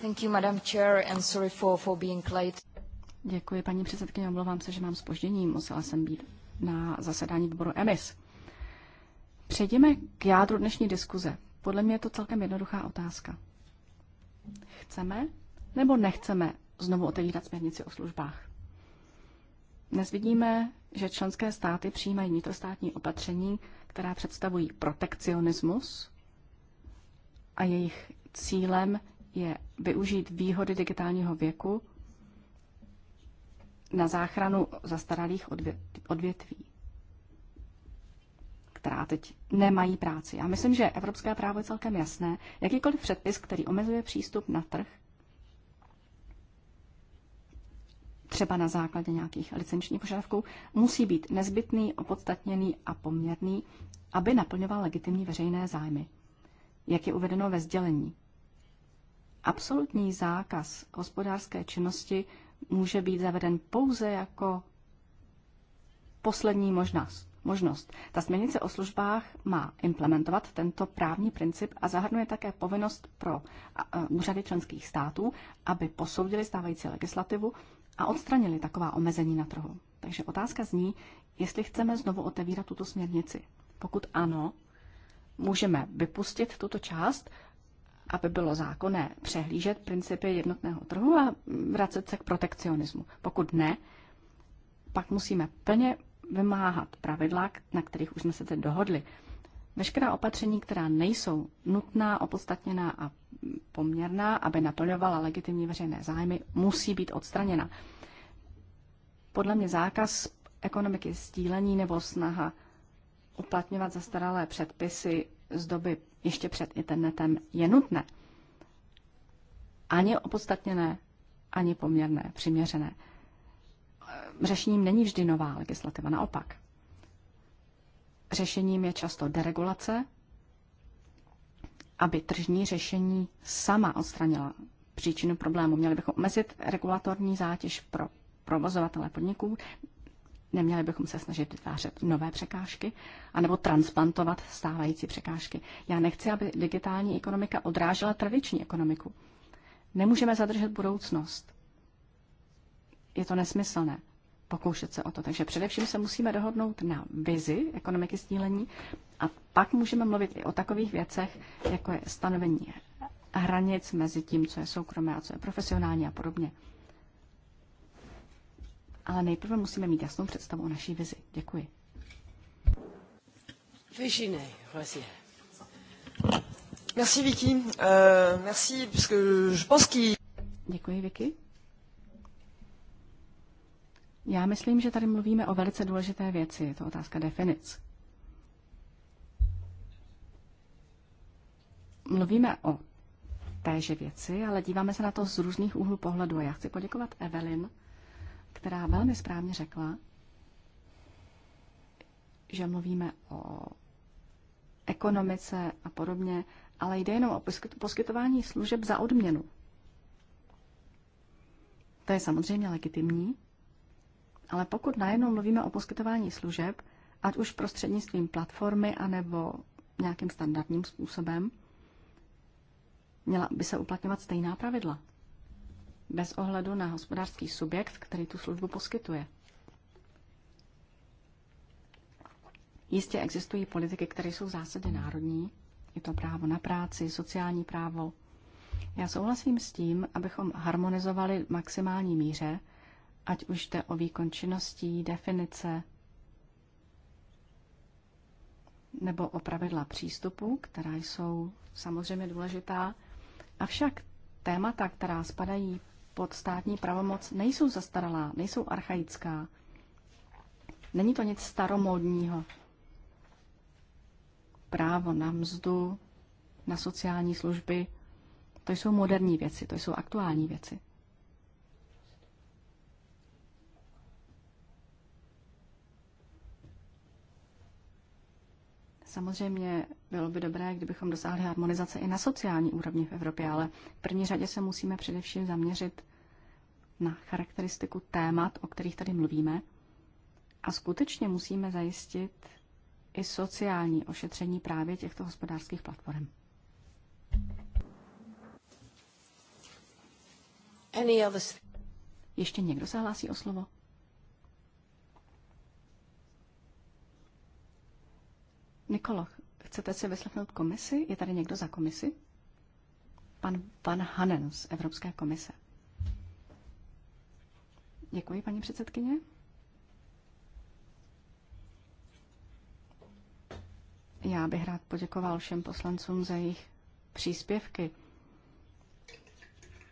Thank you, Madam Chair, and sorry for, for being late. Děkuji, paní předsedkyně, omlouvám se, že mám spoždění, musela jsem být na zasedání výboru EMIS. Přejdeme k jádru dnešní diskuze. Podle mě je to celkem jednoduchá otázka. Chceme nebo nechceme znovu otevírat směrnici o službách? Dnes vidíme, že členské státy přijímají vnitrostátní opatření, která představují protekcionismus a jejich cílem je využít výhody digitálního věku na záchranu zastaralých odvětví která teď nemají práci. Já myslím, že evropské právo je celkem jasné. Jakýkoliv předpis, který omezuje přístup na trh, třeba na základě nějakých licenčních požadavků, musí být nezbytný, opodstatněný a poměrný, aby naplňoval legitimní veřejné zájmy, jak je uvedeno ve sdělení. Absolutní zákaz hospodářské činnosti může být zaveden pouze jako poslední možnost možnost. Ta směrnice o službách má implementovat tento právní princip a zahrnuje také povinnost pro úřady členských států, aby posoudili stávající legislativu a odstranili taková omezení na trhu. Takže otázka zní, jestli chceme znovu otevírat tuto směrnici. Pokud ano, můžeme vypustit tuto část, aby bylo zákonné přehlížet principy jednotného trhu a vracet se k protekcionismu. Pokud ne, pak musíme plně vymáhat pravidla, na kterých už jsme se teď dohodli. Veškerá opatření, která nejsou nutná, opodstatněná a poměrná, aby naplňovala legitimní veřejné zájmy, musí být odstraněna. Podle mě zákaz ekonomiky sdílení nebo snaha uplatňovat zastaralé předpisy z doby ještě před internetem je nutné. Ani opodstatněné, ani poměrné, přiměřené řešením není vždy nová legislativa, naopak. Řešením je často deregulace, aby tržní řešení sama odstranila příčinu problému. Měli bychom omezit regulatorní zátěž pro provozovatele podniků, neměli bychom se snažit vytvářet nové překážky, anebo transplantovat stávající překážky. Já nechci, aby digitální ekonomika odrážela tradiční ekonomiku. Nemůžeme zadržet budoucnost je to nesmyslné pokoušet se o to. Takže především se musíme dohodnout na vizi ekonomiky sdílení a pak můžeme mluvit i o takových věcech, jako je stanovení hranic mezi tím, co je soukromé a co je profesionální a podobně. Ale nejprve musíme mít jasnou představu o naší vizi. Děkuji. Virginie, Rosier. Merci Vicky. Euh, merci, parce que je pense qu'il... Děkuji Vicky. Já myslím, že tady mluvíme o velice důležité věci. Je to otázka definic. Mluvíme o téže věci, ale díváme se na to z různých úhlů pohledu. A já chci poděkovat Evelyn, která velmi správně řekla, že mluvíme o ekonomice a podobně, ale jde jenom o poskytování služeb za odměnu. To je samozřejmě legitimní, ale pokud najednou mluvíme o poskytování služeb, ať už prostřednictvím platformy anebo nějakým standardním způsobem, měla by se uplatňovat stejná pravidla. Bez ohledu na hospodářský subjekt, který tu službu poskytuje. Jistě existují politiky, které jsou v zásadě národní. Je to právo na práci, sociální právo. Já souhlasím s tím, abychom harmonizovali v maximální míře, ať už jde o výkon činností, definice nebo o pravidla přístupu, která jsou samozřejmě důležitá. Avšak témata, která spadají pod státní pravomoc, nejsou zastaralá, nejsou archaická. Není to nic staromódního. Právo na mzdu, na sociální služby, to jsou moderní věci, to jsou aktuální věci. Samozřejmě bylo by dobré, kdybychom dosáhli harmonizace i na sociální úrovni v Evropě, ale v první řadě se musíme především zaměřit na charakteristiku témat, o kterých tady mluvíme. A skutečně musíme zajistit i sociální ošetření právě těchto hospodářských platform. Ještě někdo se hlásí o slovo? Nikolo, chcete si vyslechnout komisi? Je tady někdo za komisi? Pan Van Hanen z Evropské komise. Děkuji, paní předsedkyně. Já bych rád poděkoval všem poslancům za jejich příspěvky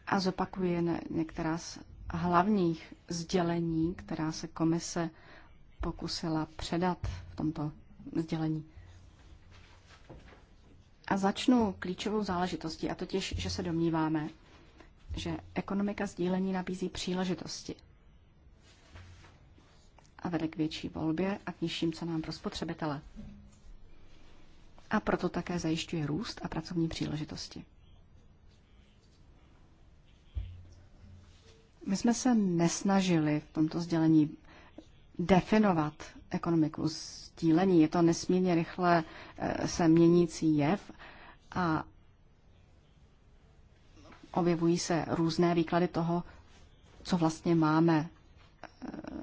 a zopakuji některá z hlavních sdělení, která se komise pokusila předat v tomto sdělení. A začnu klíčovou záležitostí, a totiž, že se domníváme, že ekonomika sdílení nabízí příležitosti a vede k větší volbě a k nižším cenám pro spotřebitele. A proto také zajišťuje růst a pracovní příležitosti. My jsme se nesnažili v tomto sdělení definovat ekonomiku sdílení. Je to nesmírně rychle eh, se měnící jev a objevují se různé výklady toho, co vlastně máme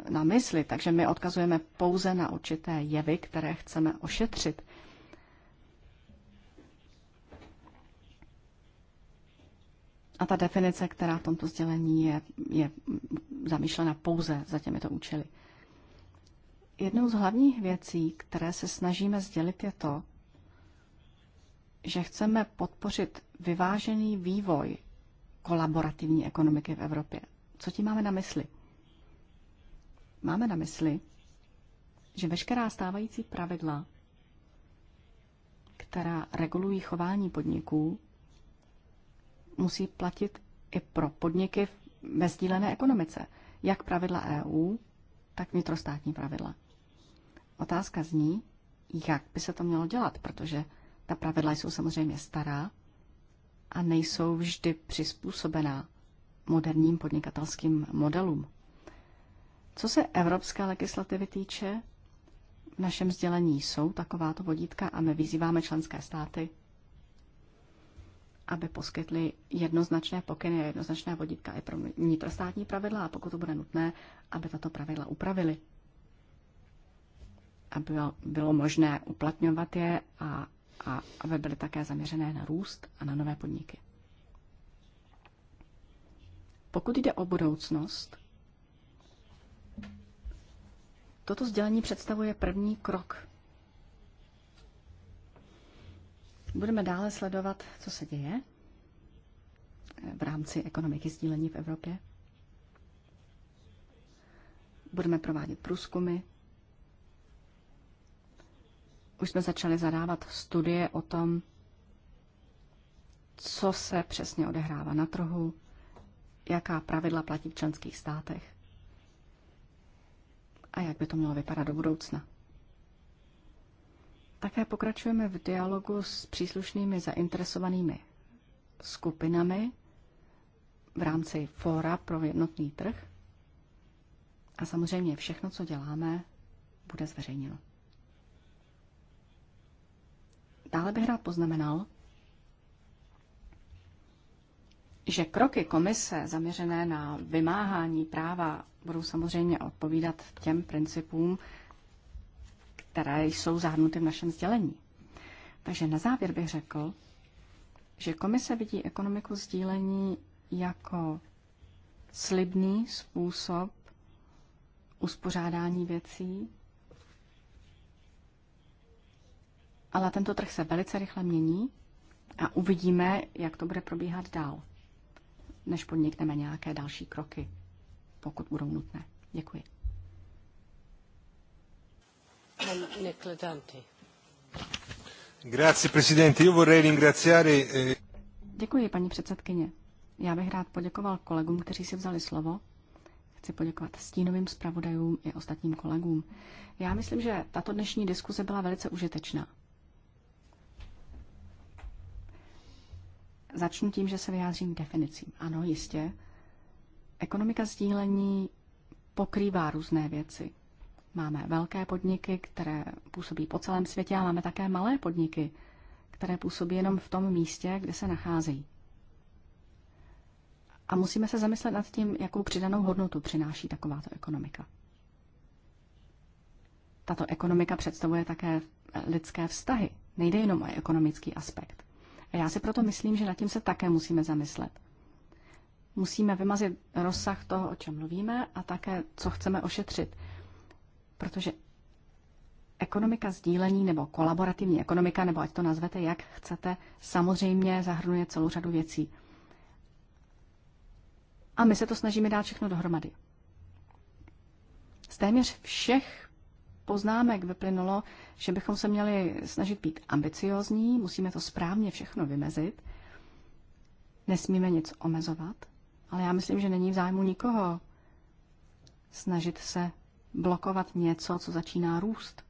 eh, na mysli. Takže my odkazujeme pouze na určité jevy, které chceme ošetřit. A ta definice, která v tomto sdělení je, je zamýšlena pouze za těmito účely. Jednou z hlavních věcí, které se snažíme sdělit, je to, že chceme podpořit vyvážený vývoj kolaborativní ekonomiky v Evropě. Co tím máme na mysli? Máme na mysli, že veškerá stávající pravidla, která regulují chování podniků, musí platit i pro podniky ve sdílené ekonomice, jak pravidla EU, tak vnitrostátní pravidla. Otázka zní, jak by se to mělo dělat, protože ta pravidla jsou samozřejmě stará a nejsou vždy přizpůsobená moderním podnikatelským modelům. Co se evropské legislativy týče, v našem sdělení jsou takováto vodítka a my vyzýváme členské státy, aby poskytli jednoznačné pokyny a jednoznačné vodítka i pro vnitrostátní pravidla a pokud to bude nutné, aby tato pravidla upravili. Aby bylo možné uplatňovat je a a aby byly také zaměřené na růst a na nové podniky. Pokud jde o budoucnost, toto sdělení představuje první krok. Budeme dále sledovat, co se děje v rámci ekonomiky sdílení v Evropě. Budeme provádět průzkumy, už jsme začali zadávat studie o tom, co se přesně odehrává na trhu, jaká pravidla platí v členských státech a jak by to mělo vypadat do budoucna. Také pokračujeme v dialogu s příslušnými zainteresovanými skupinami v rámci Fóra pro jednotný trh. A samozřejmě všechno, co děláme, bude zveřejněno. Dále bych rád poznamenal, že kroky komise zaměřené na vymáhání práva budou samozřejmě odpovídat těm principům, které jsou zahrnuty v našem sdělení. Takže na závěr bych řekl, že komise vidí ekonomiku sdílení jako slibný způsob uspořádání věcí ale tento trh se velice rychle mění a uvidíme, jak to bude probíhat dál, než podnikneme nějaké další kroky, pokud budou nutné. Děkuji. Eh, Děkuji, paní předsedkyně. Já bych rád poděkoval kolegům, kteří si vzali slovo. Chci poděkovat stínovým zpravodajům i ostatním kolegům. Já myslím, že tato dnešní diskuze byla velice užitečná. Začnu tím, že se vyjádřím definicím. Ano, jistě. Ekonomika sdílení pokrývá různé věci. Máme velké podniky, které působí po celém světě, a máme také malé podniky, které působí jenom v tom místě, kde se nacházejí. A musíme se zamyslet nad tím, jakou přidanou hodnotu přináší takováto ekonomika. Tato ekonomika představuje také lidské vztahy. Nejde jenom o ekonomický aspekt. A já si proto myslím, že nad tím se také musíme zamyslet. Musíme vymazit rozsah toho, o čem mluvíme a také, co chceme ošetřit. Protože ekonomika sdílení nebo kolaborativní ekonomika, nebo ať to nazvete, jak chcete, samozřejmě zahrnuje celou řadu věcí. A my se to snažíme dát všechno dohromady. Z téměř všech poznámek vyplynulo, že bychom se měli snažit být ambiciozní, musíme to správně všechno vymezit, nesmíme nic omezovat, ale já myslím, že není v zájmu nikoho snažit se blokovat něco, co začíná růst.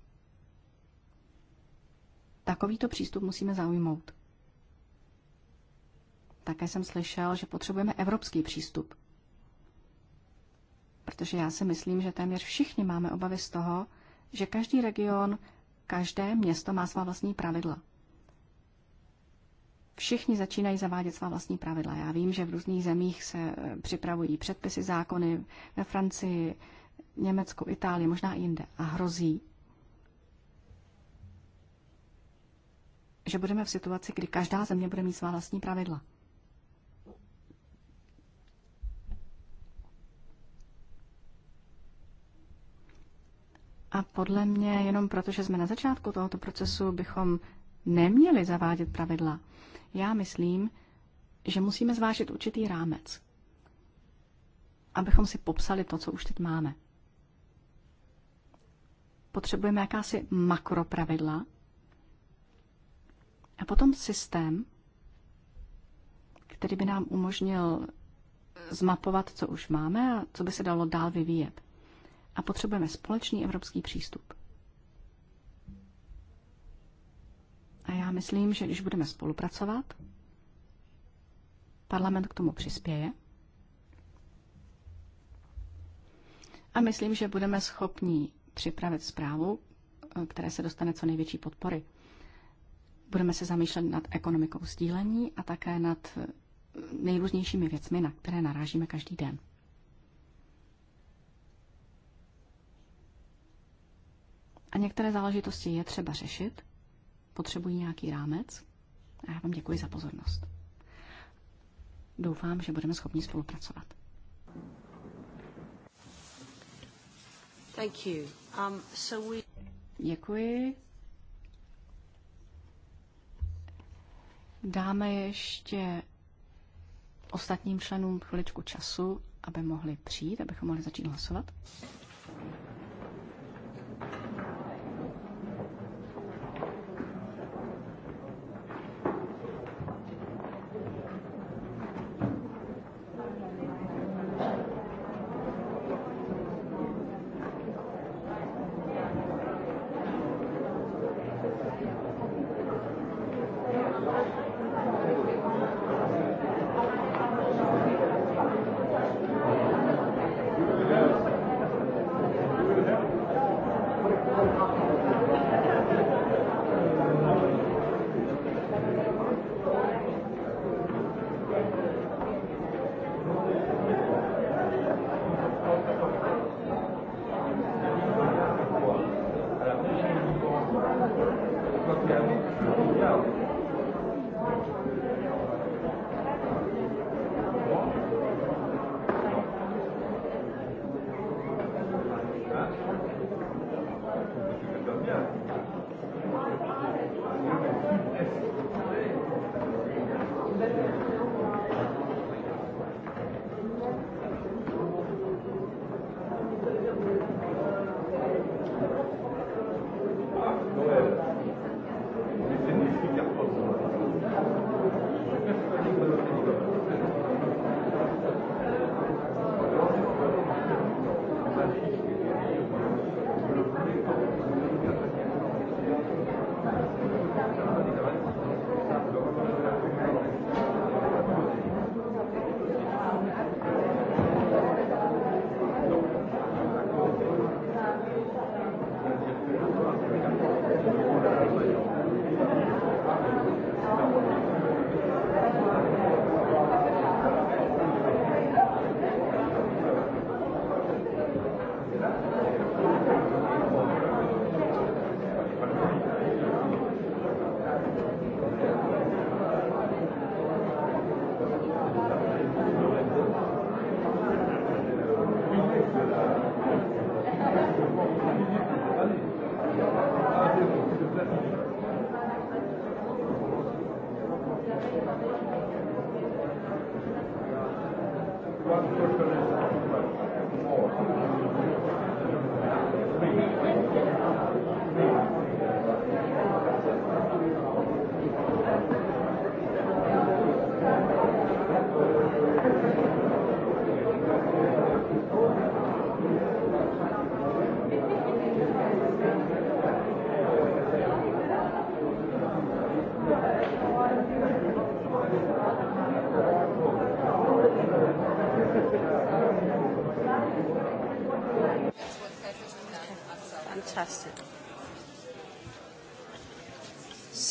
Takovýto přístup musíme zaujmout. Také jsem slyšel, že potřebujeme evropský přístup. Protože já si myslím, že téměř všichni máme obavy z toho, že každý region, každé město má svá vlastní pravidla. Všichni začínají zavádět svá vlastní pravidla. Já vím, že v různých zemích se eh, připravují předpisy, zákony ve Francii, Německu, Itálii, možná i jinde. A hrozí, že budeme v situaci, kdy každá země bude mít svá vlastní pravidla. A podle mě, jenom protože jsme na začátku tohoto procesu, bychom neměli zavádět pravidla. Já myslím, že musíme zvážit určitý rámec, abychom si popsali to, co už teď máme. Potřebujeme jakási makropravidla a potom systém, který by nám umožnil zmapovat, co už máme a co by se dalo dál vyvíjet a potřebujeme společný evropský přístup. A já myslím, že když budeme spolupracovat, parlament k tomu přispěje. A myslím, že budeme schopni připravit zprávu, které se dostane co největší podpory. Budeme se zamýšlet nad ekonomikou sdílení a také nad nejrůznějšími věcmi, na které narážíme každý den. A některé záležitosti je třeba řešit, potřebují nějaký rámec a já vám děkuji za pozornost. Doufám, že budeme schopni spolupracovat. Thank you. Um, so we... Děkuji. Dáme ještě ostatním členům chviličku času, aby mohli přijít, abychom mohli začít hlasovat.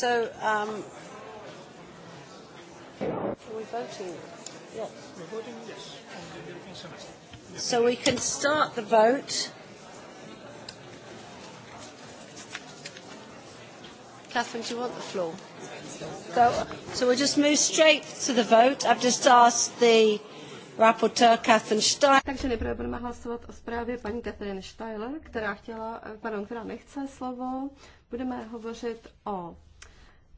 So, um, are we voting? Yes. We're voting yes on the European semester. So we can start the vote. Catherine, do you want the floor? Go. So we'll just move straight to the vote. I've just asked the rapporteur Catherine Stein. Takže nejprve budeme hlasovat o zprávě paní Catherine Steiler, která, chtěla, pardon, která nechce slovo. Budeme hovořit o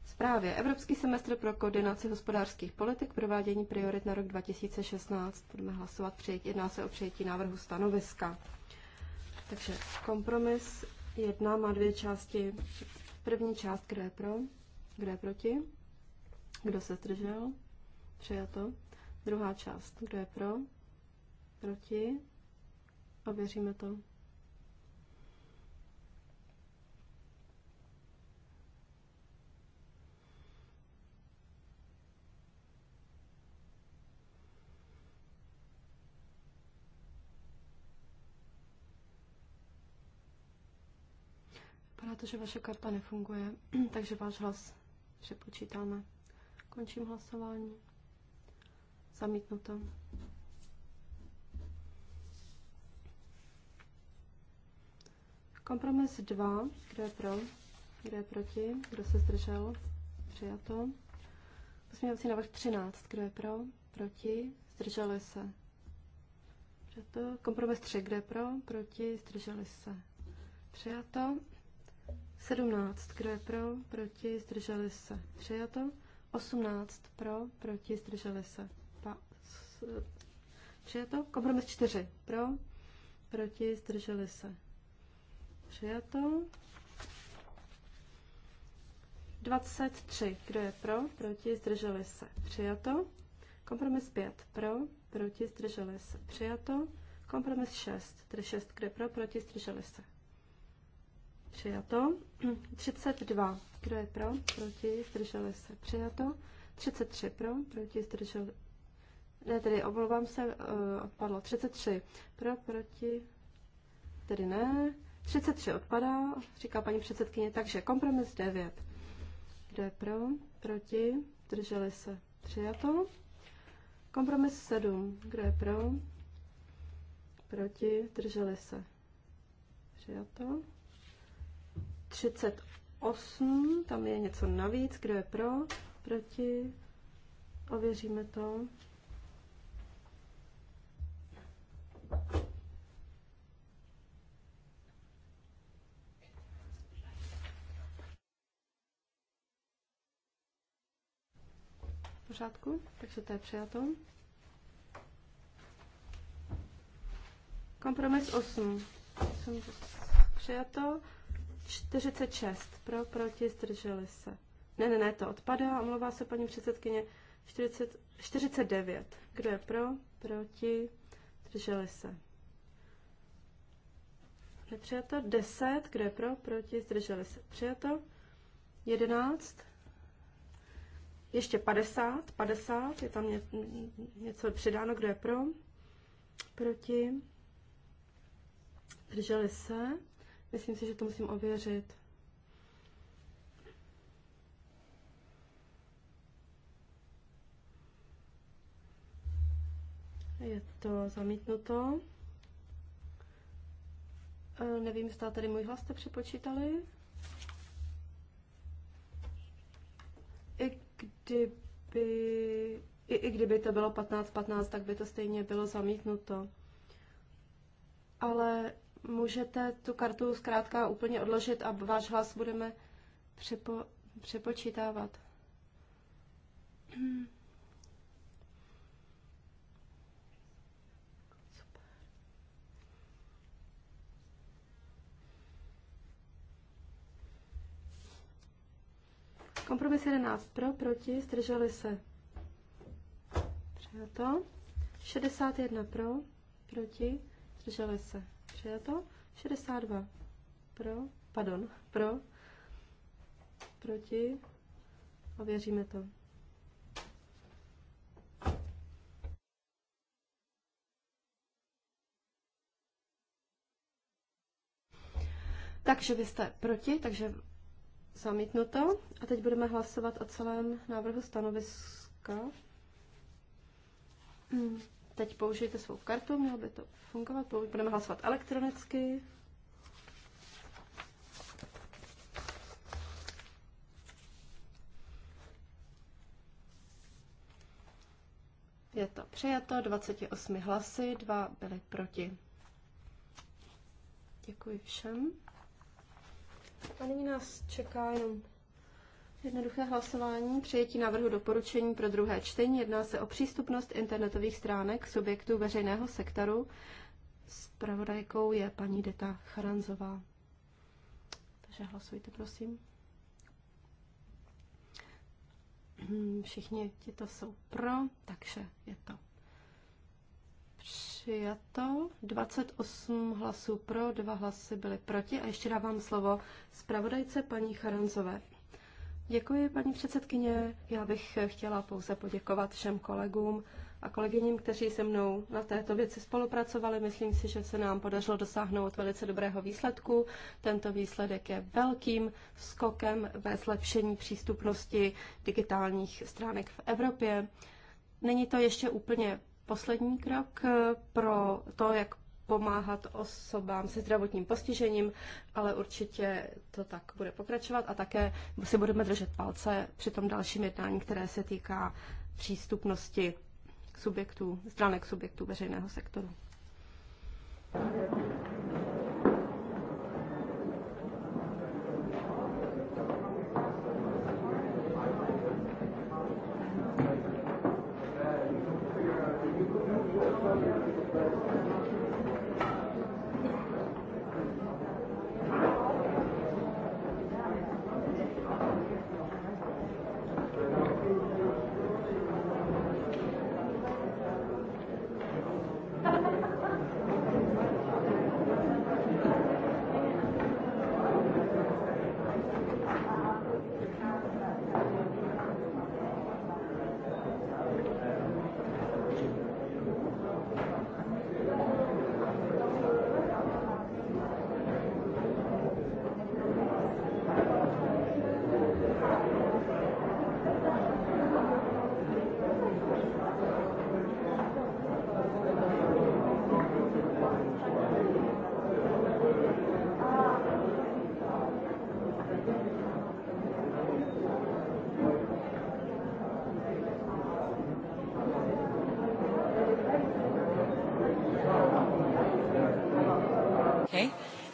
zprávě Evropský semestr pro koordinaci hospodářských politik provádění priorit na rok 2016. Budeme hlasovat, přijetí, jedná se o přijetí návrhu stanoviska. Takže kompromis jedna má dvě části. První část, kde je pro, kde je proti, kdo se zdržel, přijato. Druhá část, kdo je pro, proti, ověříme to. Vypadá to, že vaše karta nefunguje, takže váš hlas přepočítáme. Končím hlasování. Zamítnuto. Kompromis 2. Kdo je pro? Kdo je proti? Kdo se zdržel? Přijato. Pozměňovací návrh 13. Kdo je pro? Proti? Zdrželi se. Přijato. Kompromis 3. Kdo je pro? Proti? Zdrželi se. Přijato. 17. Kdo je pro? Proti? Zdrželi se. Přijato. 18. Pro? Proti? Zdrželi se. Pa, s, přijato. Kompromis 4. Pro? Proti? Zdrželi se. Přijato. 23. Kdo je pro? Proti? Zdrželi se. Přijato. Kompromis 5. Pro? Proti? Zdrželi se. Přijato. Kompromis 6. Tedy 6. Kdo je pro? Proti? Zdrželi se. Přijato. 32. Kdo je pro? Proti? Zdrželi se. Přijato. 33 pro, proti, zdržel. Ne, tedy omlouvám se, eh, odpadlo. 33 pro, proti, tedy ne. 33 odpadá, říká paní předsedkyně, takže kompromis 9. Kdo je pro, proti, zdrželi se. Přijato. Kompromis 7. Kdo je pro, proti, zdrželi se. Přijato. 38, tam je něco navíc, kdo je pro, proti, ověříme to. pořádku, takže to je přijato. Kompromis 8. 8 přijato. 46 pro, proti, zdrželi se. Ne, ne, ne, to odpadá, omlouvá se paní předsedkyně. 40, 49. Kdo je pro, proti, zdrželi se. Nepřijato. 10. Kdo je pro, proti, zdrželi se. Přijato. 11. Ještě 50. 50. Je tam něco přidáno. Kdo je pro, proti, drželi se. Myslím si, že to musím ověřit. Je to zamítnuto. E, nevím, zda tady můj hlas jste přepočítali. I kdyby, i, i kdyby to bylo 15-15, tak by to stejně bylo zamítnuto. Ale můžete tu kartu zkrátka úplně odložit a váš hlas budeme přepo, přepočítávat. Kompromis 11 pro, proti, zdrželi se. Přijato. 61 pro, proti, zdrželi se přijato. 62 pro, pardon, pro, proti, ověříme to. Takže vy jste proti, takže zamítnuto. A teď budeme hlasovat o celém návrhu stanoviska. Hmm teď použijte svou kartu, mělo by to fungovat, budeme hlasovat elektronicky. Je to přijato, 28 hlasy, dva byly proti. Děkuji všem. A nyní nás čeká jenom Jednoduché hlasování, přijetí návrhu doporučení pro druhé čtení. Jedná se o přístupnost internetových stránek subjektů veřejného sektoru. Spravodajkou je paní Deta Charanzová. Takže hlasujte, prosím. Hmm, všichni ti to jsou pro, takže je to přijato. 28 hlasů pro, dva hlasy byly proti. A ještě dávám slovo zpravodajce paní Charanzové. Děkuji, paní předsedkyně. Já bych chtěla pouze poděkovat všem kolegům a kolegyním, kteří se mnou na této věci spolupracovali. Myslím si, že se nám podařilo dosáhnout velice dobrého výsledku. Tento výsledek je velkým skokem ve zlepšení přístupnosti digitálních stránek v Evropě. Není to ještě úplně poslední krok pro to, jak pomáhat osobám se zdravotním postižením, ale určitě to tak bude pokračovat a také si budeme držet palce při tom dalším jednání, které se týká přístupnosti subjektů, stránek subjektů veřejného sektoru.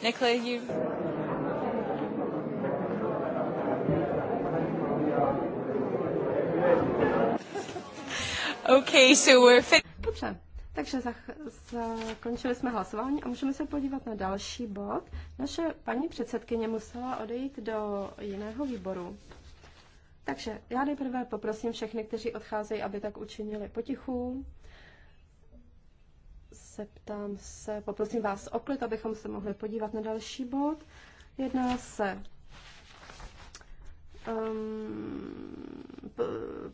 Nicola, you. OK, so we're fin- Dobře, takže zakončili jsme hlasování a můžeme se podívat na další bod. Naše paní předsedkyně musela odejít do jiného výboru. Takže já nejprve poprosím všechny, kteří odcházejí, aby tak učinili potichu zeptám se, poprosím vás o klid, abychom se mohli podívat na další bod. Jedná se um,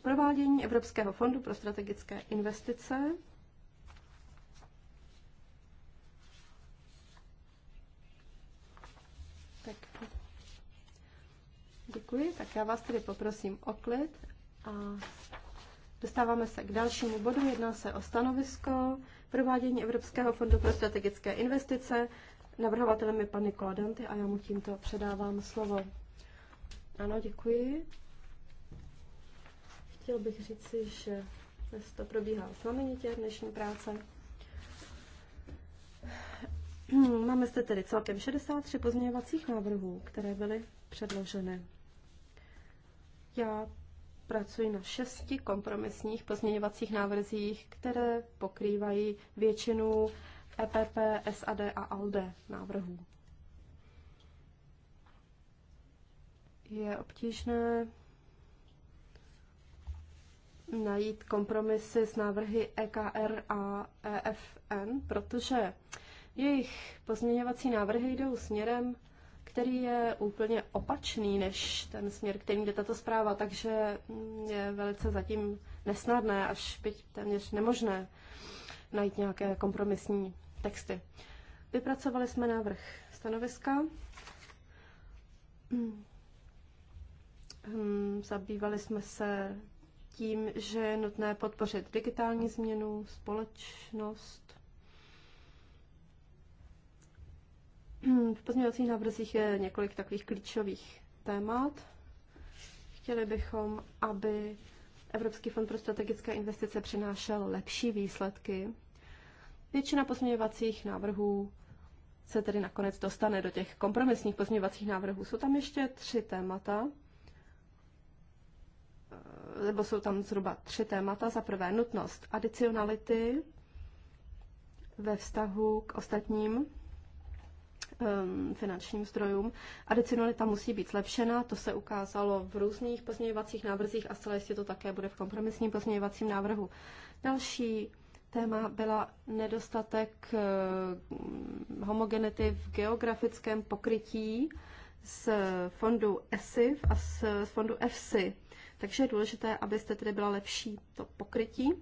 provádění Evropského fondu pro strategické investice. Tak. Děkuji, tak já vás tedy poprosím o klid a Dostáváme se k dalšímu bodu. Jedná se o stanovisko provádění Evropského fondu pro strategické investice. Navrhovatelem je pan Nikola Danty a já mu tímto předávám slovo. Ano, děkuji. Chtěl bych říci, že dnes to probíhá znamenitě dnešní práce. Máme zde tedy celkem 63 pozměňovacích návrhů, které byly předloženy. Já pracuji na šesti kompromisních pozměňovacích návrzích, které pokrývají většinu EPP, SAD a ALDE návrhů. Je obtížné najít kompromisy s návrhy EKR a EFN, protože jejich pozměňovací návrhy jdou směrem který je úplně opačný než ten směr, kterým jde tato zpráva, takže je velice zatím nesnadné, až byť téměř nemožné najít nějaké kompromisní texty. Vypracovali jsme návrh stanoviska. Hm, zabývali jsme se tím, že je nutné podpořit digitální změnu, společnost, Hmm, v pozměňovacích návrzích je několik takových klíčových témat. Chtěli bychom, aby Evropský fond pro strategické investice přinášel lepší výsledky. Většina pozměňovacích návrhů se tedy nakonec dostane do těch kompromisních pozměňovacích návrhů. Jsou tam ještě tři témata, nebo jsou tam zhruba tři témata. Za prvé nutnost adicionality ve vztahu k ostatním Um, finančním zdrojům. Adicionalita musí být zlepšena, to se ukázalo v různých pozměňovacích návrzích a zcela jistě to také bude v kompromisním pozměňovacím návrhu. Další téma byla nedostatek uh, homogenity v geografickém pokrytí z fondu ESIF a z fondu EFSI. Takže je důležité, abyste tedy byla lepší to pokrytí.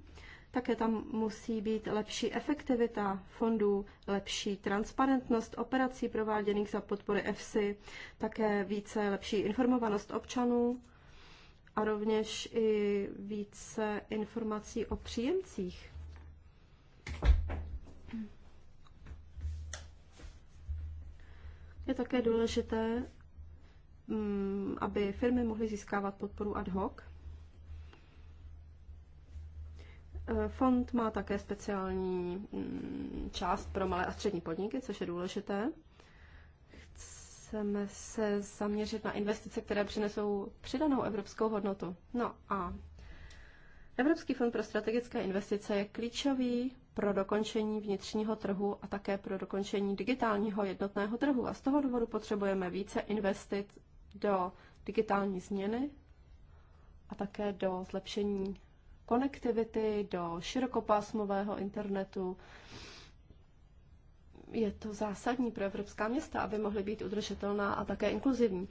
Také tam musí být lepší efektivita fondů, lepší transparentnost operací prováděných za podpory EFSI, také více lepší informovanost občanů a rovněž i více informací o příjemcích. Je také důležité, mm, aby firmy mohly získávat podporu ad hoc Eh, fond má také speciální mm, část pro malé a střední podniky, což je důležité. Chceme se zaměřit na investice, které přinesou přidanou evropskou hodnotu. No a Evropský fond pro strategické investice je klíčový pro dokončení vnitřního trhu a také pro dokončení digitálního jednotného trhu. A z toho důvodu potřebujeme více investit do digitální změny a také do zlepšení konektivity, do širokopásmového internetu. Je to zásadní pro evropská města, aby mohly být udržitelná a také inkluzivní.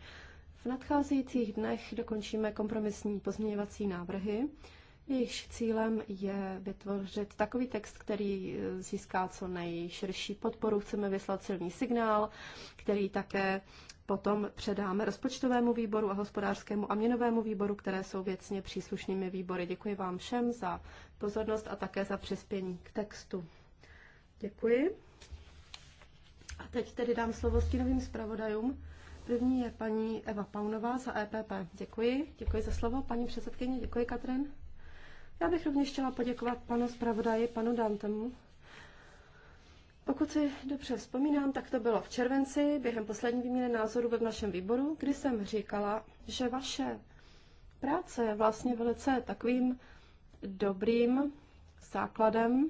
V nadcházejících dnech dokončíme kompromisní pozměňovací návrhy. jejich cílem je vytvořit takový text, který eh, získá co nejširší podporu. Chceme vyslat silný signál, který také potom předáme rozpočtovému výboru a hospodářskému a měnovému výboru, které jsou věcně příslušnými výbory. Děkuji vám všem za pozornost a také za přispění k textu. Děkuji. A teď tedy dám slovo stínovým zpravodajům. První je paní Eva Paunová za EPP. Děkuji. Děkuji za slovo, paní předsedkyně. Děkuji, Katrin. Já bych rovněž chtěla poděkovat panu zpravodaji, panu Dantemu, pokud si dobře vzpomínám, tak to bylo v červenci během poslední výměny názorů ve našem výboru, kdy jsem říkala, že vaše práce je vlastně velice takovým dobrým základem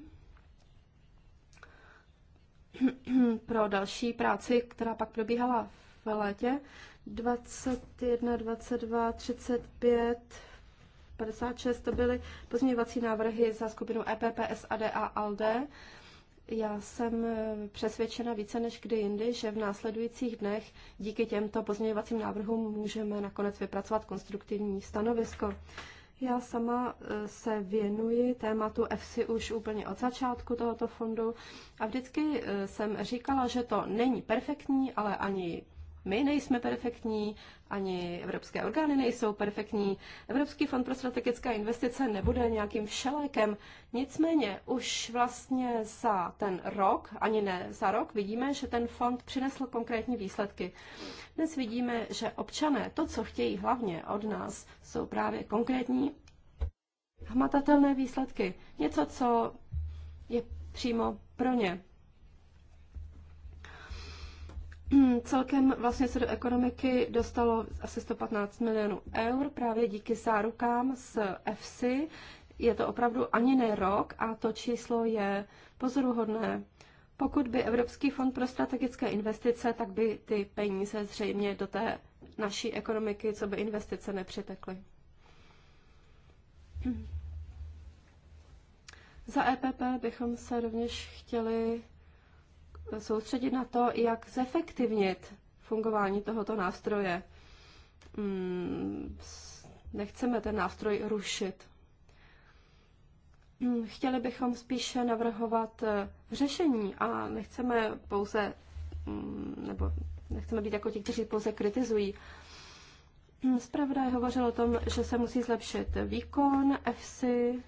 pro další práci, která pak probíhala v létě 21, 22, 35, 56 to byly pozměňovací návrhy za skupinu EPPS, ADA a ALDE. Já jsem eh, přesvědčena více než kdy jindy, že v následujících dnech díky těmto pozměňovacím návrhům můžeme nakonec vypracovat konstruktivní stanovisko. Já sama eh, se věnuji tématu EFSI už úplně od začátku tohoto fondu a vždycky eh, jsem říkala, že to není perfektní, ale ani my nejsme perfektní, ani evropské orgány nejsou perfektní. Evropský fond pro strategické investice nebude nějakým všelékem. Nicméně už vlastně za ten rok, ani ne za rok, vidíme, že ten fond přinesl konkrétní výsledky. Dnes vidíme, že občané to, co chtějí hlavně od nás, jsou právě konkrétní hmatatelné výsledky. Něco, co je přímo pro ně. Hmm, celkem vlastně se do ekonomiky dostalo asi 115 milionů eur právě díky zárukám z EFSI. Je to opravdu ani ne rok a to číslo je pozoruhodné. Pokud by Evropský fond pro strategické investice, tak by ty peníze zřejmě do té naší ekonomiky, co by investice nepřitekly. Hmm. Za EPP bychom se rovněž chtěli soustředit na to, jak zefektivnit fungování tohoto nástroje. Mm, nechceme ten nástroj rušit. Mm, chtěli bychom spíše navrhovat eh, řešení a nechceme pouze, mm, nebo nechceme být jako ti, kteří pouze kritizují. Zpravodaj hovořil o tom, že se musí zlepšit výkon EFSI.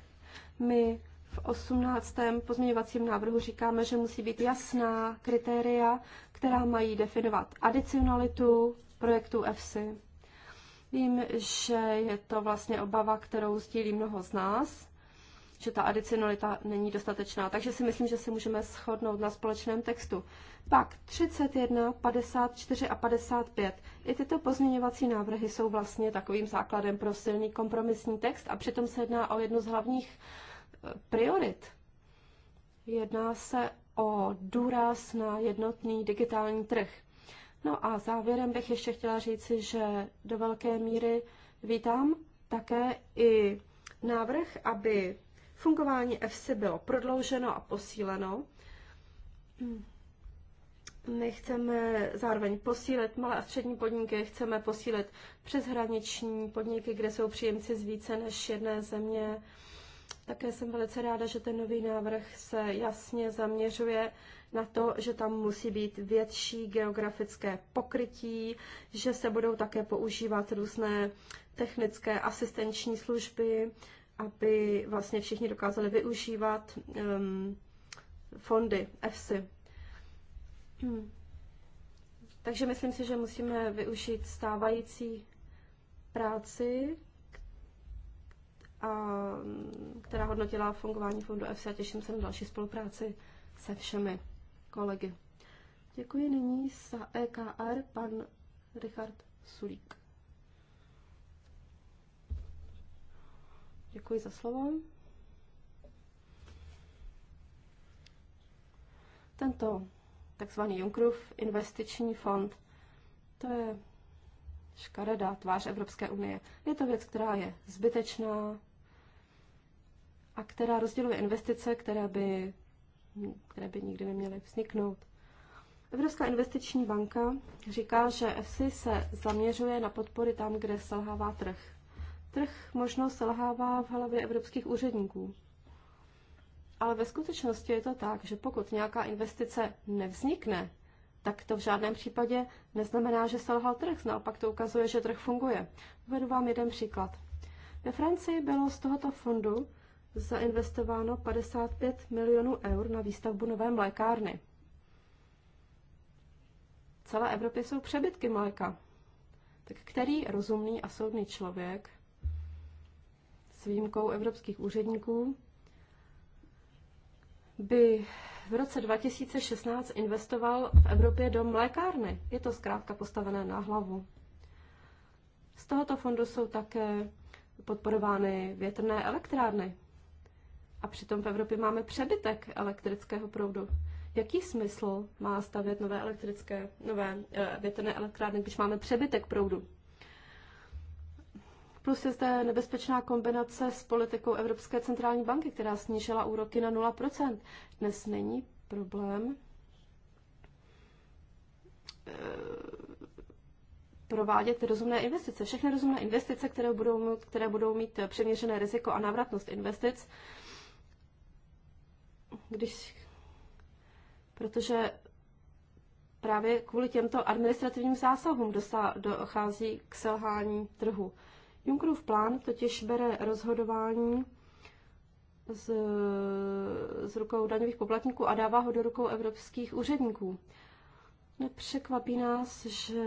My v 18. pozměňovacím návrhu říkáme, že musí být jasná kritéria, která mají definovat adicionalitu projektu EFSI. Vím, že je to vlastně obava, kterou sdílí mnoho z nás, že ta adicionalita není dostatečná. Takže si myslím, že se můžeme shodnout na společném textu. Pak 31, 54 a 55. I tyto pozměňovací návrhy jsou vlastně takovým základem pro silný kompromisní text a přitom se jedná o jednu z hlavních priorit. Jedná se o důraz na jednotný digitální trh. No a závěrem bych ještě chtěla říci, že do velké míry vítám také i návrh, aby fungování EFSI bylo prodlouženo a posíleno. My chceme zároveň posílit malé a střední podniky, chceme posílit přeshraniční podniky, kde jsou příjemci z více než jedné země. Také jsem velice ráda, že ten nový návrh se jasně zaměřuje na to, že tam musí být větší geografické pokrytí, že se budou také používat různé technické asistenční služby, aby vlastně všichni dokázali využívat um, fondy EFSI. Hmm. Takže myslím si, že musíme využít stávající práci která hodnotila fungování fondu EFSA a těším se na další spolupráci se všemi kolegy. Děkuji nyní za EKR pan Richard Sulík. Děkuji za slovo. Tento takzvaný Junckerův investiční fond, to je škaredá tvář Evropské unie. Je to věc, která je zbytečná, a která rozděluje investice, které by, které by nikdy neměly vzniknout. Evropská investiční banka říká, že EFSI se zaměřuje na podpory tam, kde selhává trh. Trh možno selhává v hlavě evropských úředníků. Ale ve skutečnosti je to tak, že pokud nějaká investice nevznikne, tak to v žádném případě neznamená, že selhal trh. Naopak to ukazuje, že trh funguje. Uvedu vám jeden příklad. Ve Francii bylo z tohoto fondu zainvestováno 55 milionů eur na výstavbu nové mlékárny. V celé Evropě jsou přebytky mléka. Tak který rozumný a soudný člověk s výjimkou evropských úředníků by v roce 2016 investoval v Evropě do mlékárny. Je to zkrátka postavené na hlavu. Z tohoto fondu jsou také podporovány větrné elektrárny. A přitom v Evropě máme přebytek elektrického proudu. Jaký smysl má stavět nové elektrické, nové eh, větrné elektrárny, když máme přebytek proudu? Plus je zde nebezpečná kombinace s politikou Evropské centrální banky, která snížila úroky na 0%. Dnes není problém eh, provádět rozumné investice. Všechny rozumné investice, které budou, mít, které budou mít přeměřené riziko a návratnost investic, když, protože právě kvůli těmto administrativním zásahům dochází k selhání trhu. Junckerův plán totiž bere rozhodování z, z rukou daňových poplatníků a dává ho do rukou evropských úředníků. Nepřekvapí nás, že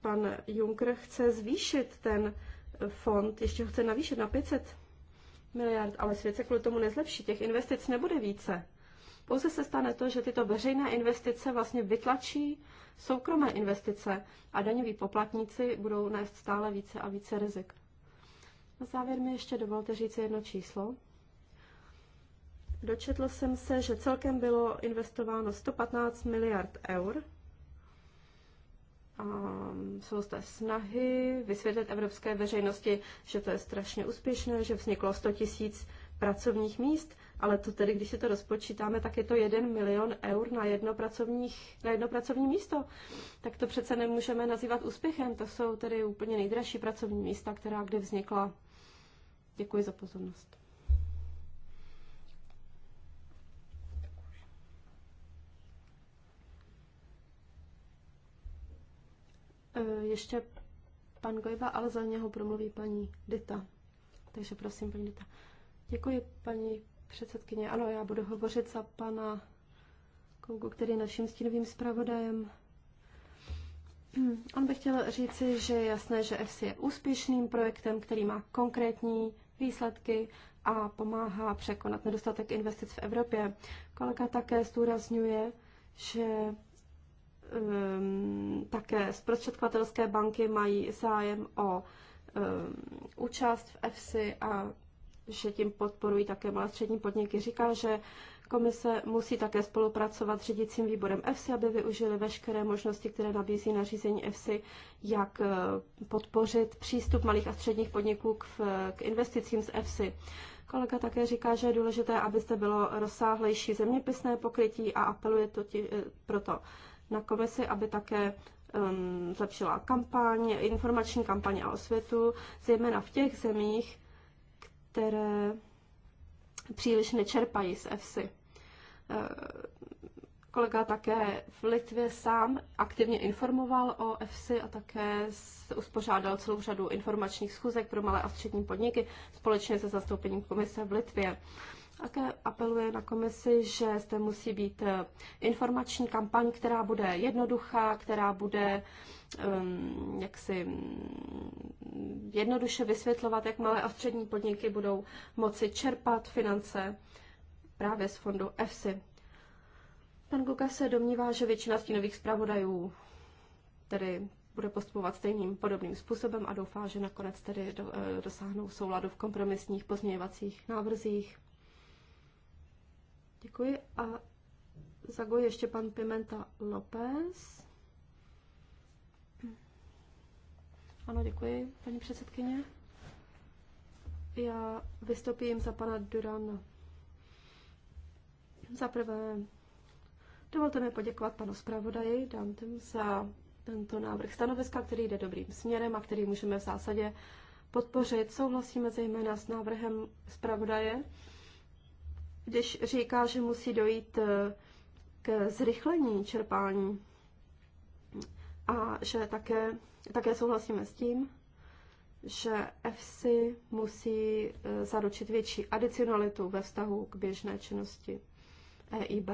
pan Juncker chce zvýšit ten fond, ještě ho chce navýšit na 500 miliard, ale svět se kvůli tomu nezlepší, těch investic nebude více. Pouze se stane to, že tyto veřejné investice vlastně vytlačí soukromé investice a daňoví poplatníci budou nést stále více a více rizik. Na závěr mi ještě dovolte říct jedno číslo. Dočetl jsem se, že celkem bylo investováno 115 miliard eur um, jsou zde snahy vysvětlit evropské veřejnosti, že to je strašně úspěšné, že vzniklo 100 tisíc pracovních míst, ale to tedy, když si to rozpočítáme, tak je to 1 milion eur na jedno, pracovních, na jedno pracovní místo. Tak to přece nemůžeme nazývat úspěchem, to jsou tedy úplně nejdražší pracovní místa, která kdy vznikla. Děkuji za pozornost. ještě pan Gojba, ale za něho promluví paní Dita. Takže prosím, paní Dita. Děkuji, paní předsedkyně. Ano, já budu hovořit za pana Kouku, který je naším stínovým zpravodajem. On by chtěl říci, že je jasné, že FC je úspěšným projektem, který má konkrétní výsledky a pomáhá překonat nedostatek investic v Evropě. Kolega také zdůrazňuje, že Ehm, také zprostředkovatelské banky mají zájem o ehm, účast v EFSI a že tím podporují také malé střední podniky. Říká, že komise musí také spolupracovat s řídícím výborem EFSI, aby využili veškeré možnosti, které nabízí nařízení EFSI, jak ehm, podpořit přístup malých a středních podniků k, k investicím z EFSI. Kolega také říká, že je důležité, aby zde bylo rozsáhlejší zeměpisné pokrytí a apeluje to eh, proto na komisi, aby také um, zlepšila kampaň, informační kampaň a osvětu, zejména v těch zemích, které příliš nečerpají z EFSI. Eh, kolega také v Litvě sám aktivně informoval o EFSI a také uspořádal celou řadu informačních schůzek pro malé a střední podniky společně se zastoupením komise v Litvě. Také apeluje na komisi, že zde musí být eh, informační kampaň, která bude jednoduchá, která bude um, jaksi mm, jednoduše vysvětlovat, jak malé a střední podniky budou moci čerpat finance právě z fondu EFSI. Pan Guka se domnívá, že většina stínových zpravodajů tedy bude postupovat stejným podobným způsobem a doufá, že nakonec tedy do, eh, dosáhnou souladu v kompromisních pozměňovacích návrzích. Děkuji a go ještě pan Pimenta López. Ano, děkuji, paní předsedkyně. Já vystoupím za pana Durana. Za prvé, dovolte mi poděkovat panu zpravodaji, dám za tento návrh stanoviska, který jde dobrým směrem a který můžeme v zásadě podpořit. Souhlasíme zejména s návrhem zpravodaje, když říká, že musí dojít eh, k zrychlení čerpání a že také, také souhlasíme s tím, že FC musí eh, zaručit větší adicionalitu ve vztahu k běžné činnosti EIB.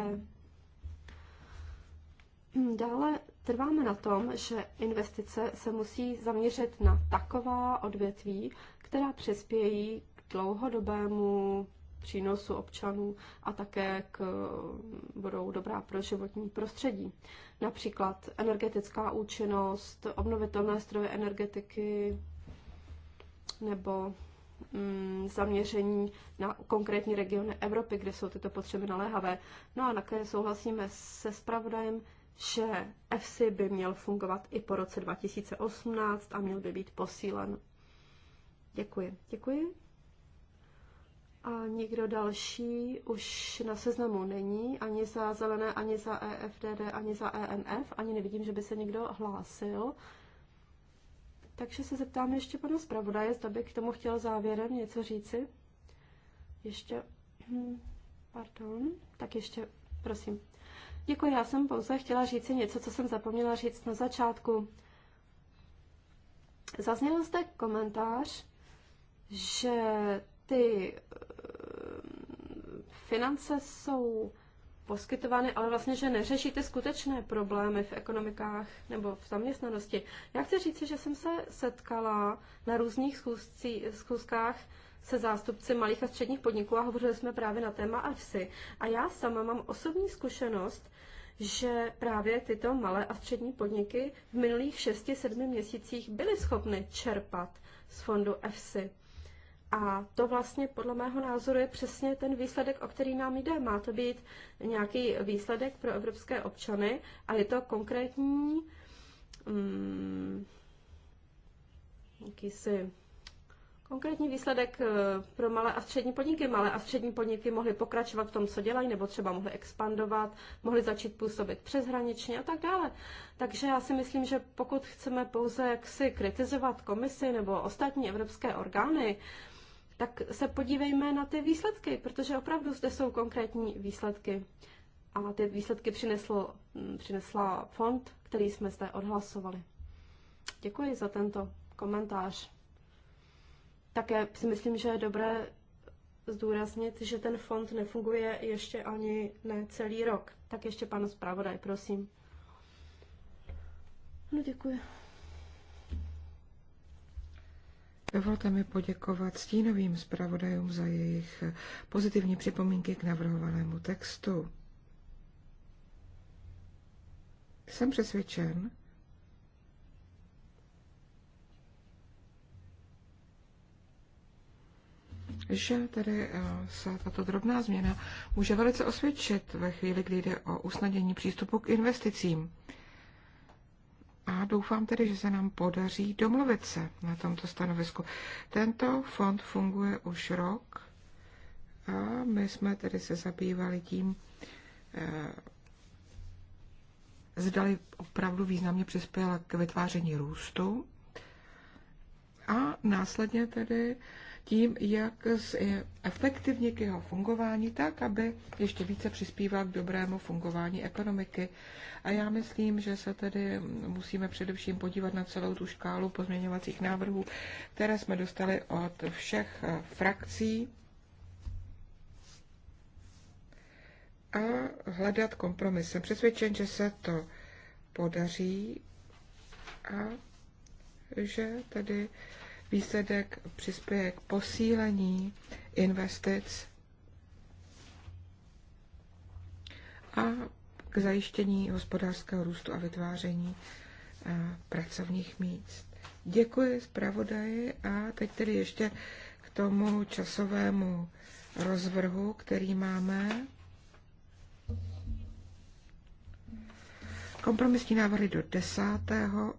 Dále trváme na tom, že investice se musí zaměřit na taková odvětví, která přispějí k dlouhodobému přínosu občanů a také k, budou dobrá pro životní prostředí. Například energetická účinnost, obnovitelné stroje energetiky nebo mm, zaměření na konkrétní regiony Evropy, kde jsou tyto potřeby naléhavé. No a také souhlasíme se spravodajem, že EFSI by měl fungovat i po roce 2018 a měl by být posílen. Děkuji. Děkuji. A nikdo další už na seznamu není, ani za zelené, ani za EFDD, ani za ENF, ani nevidím, že by se někdo hlásil. Takže se zeptám ještě pana zpravodaje, zda by k tomu chtěl závěrem něco říci. Ještě, hm, pardon, tak ještě, prosím. Děkuji, já jsem pouze chtěla říci něco, co jsem zapomněla říct na začátku. Zazněl zde komentář, že ty eh, finance jsou poskytovány, ale vlastně, že neřeší ty skutečné problémy v ekonomikách nebo v zaměstnanosti. Já chci říct, že jsem se setkala na různých schůzkách se zástupci malých a středních podniků a hovořili jsme právě na téma AFSI. A já sama mám osobní zkušenost, že právě tyto malé a střední podniky v minulých 6-7 měsících byly schopny čerpat z fondu EFSI. A to vlastně podle mého názoru je přesně ten výsledek, o který nám jde. Má to být nějaký výsledek pro evropské občany a je to konkrétní um, jakýsi konkrétní výsledek eh, pro malé a střední podniky. Malé a střední podniky mohly pokračovat v tom, co dělají, nebo třeba mohly expandovat, mohly začít působit přeshraničně a tak dále. Takže já si myslím, že pokud chceme pouze jaksi kritizovat komisi nebo ostatní evropské orgány, tak se podívejme na ty výsledky, protože opravdu zde jsou konkrétní výsledky. A ty výsledky přineslo mm, přinesla fond, který jsme zde odhlasovali. Děkuji za tento komentář. Také si myslím, že je dobré zdůraznit, že ten fond nefunguje ještě ani ne celý rok. Tak ještě pan zpravodaj, prosím. No děkuji. Dovolte mi poděkovat stínovým zpravodajům za jejich pozitivní připomínky k navrhovanému textu. Jsem přesvědčen, že tedy eh, se tato drobná změna může velice osvědčit ve chvíli, kdy jde o usnadnění přístupu k investicím a doufám tedy, že se nám podaří domluvit se na tomto stanovisku. Tento fond funguje už rok a my jsme tedy se zabývali tím, eh, zdali opravdu významně přispěla k vytváření růstu a následně tedy tím, jak e, k jeho fungování tak, aby ještě více přispíval k dobrému fungování ekonomiky. A já myslím, že se tedy musíme především podívat na celou tu škálu pozměňovacích návrhů, které jsme dostali od všech e, frakcí a hledat kompromis. Jsem přesvědčen, že se to podaří a že tedy Výsledek přispěje k posílení investic a k zajištění hospodářského růstu a vytváření eh, pracovních míst. Děkuji zpravodaji a teď tedy ještě k tomu časovému rozvrhu, který máme. Kompromisní návrhy do 10.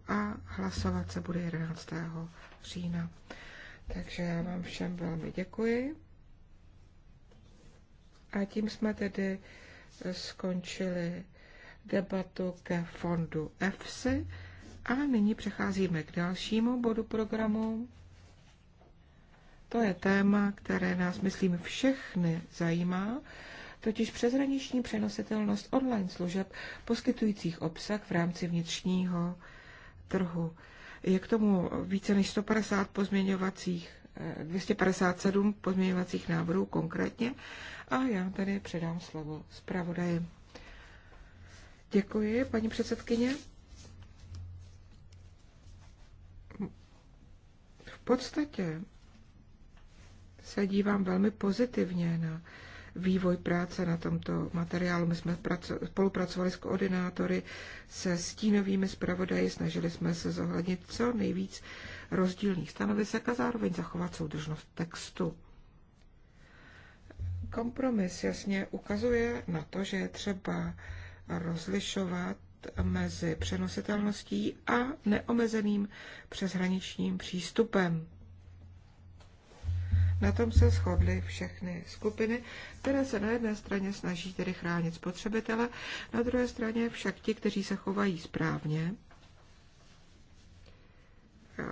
a hlasovat se bude 11. října. Takže já vám všem velmi děkuji. A tím jsme tedy skončili debatu ke fondu EFSI a nyní přecházíme k dalšímu bodu programu. To je téma, které nás, myslím, všechny zajímá totiž přeshraniční přenositelnost online služeb poskytujících obsah v rámci vnitřního trhu. Je k tomu více než 150 pozměňovacích 257 eh, pozměňovacích návrhů konkrétně a já tady předám slovo zpravodaji. Děkuji, paní předsedkyně. V podstatě se dívám velmi pozitivně na vývoj práce na tomto materiálu. My jsme spolupracovali s koordinátory, se stínovými zpravodaji, snažili jsme se zohlednit co nejvíc rozdílných stanovisek a zároveň zachovat soudržnost textu. Kompromis jasně ukazuje na to, že je třeba rozlišovat mezi přenositelností a neomezeným přeshraničním přístupem. Na tom se shodly všechny skupiny, které se na jedné straně snaží tedy chránit spotřebitele, na druhé straně však ti, kteří se chovají správně, eh,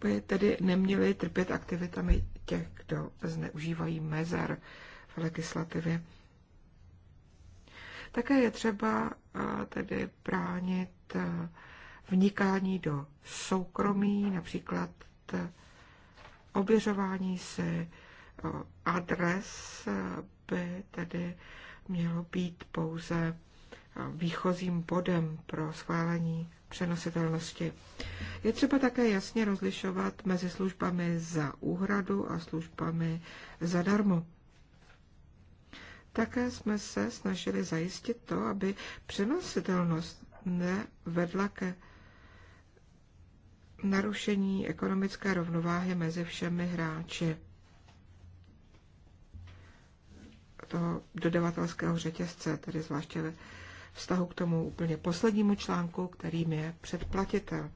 by tedy neměli trpět aktivitami těch, kdo zneužívají mezer v legislativě. Také je třeba eh, tedy bránit eh, vnikání do soukromí, například ověřování si eh, adres eh, by tedy mělo být pouze eh, výchozím bodem pro schválení přenositelnosti. Je třeba také jasně rozlišovat mezi službami za úhradu a službami zadarmo. Také jsme se snažili zajistit to, aby přenositelnost nevedla ke narušení ekonomické rovnováhy mezi všemi hráči toho dodavatelského řetězce, tedy zvláště ve vztahu k tomu úplně poslednímu článku, kterým je předplatitel.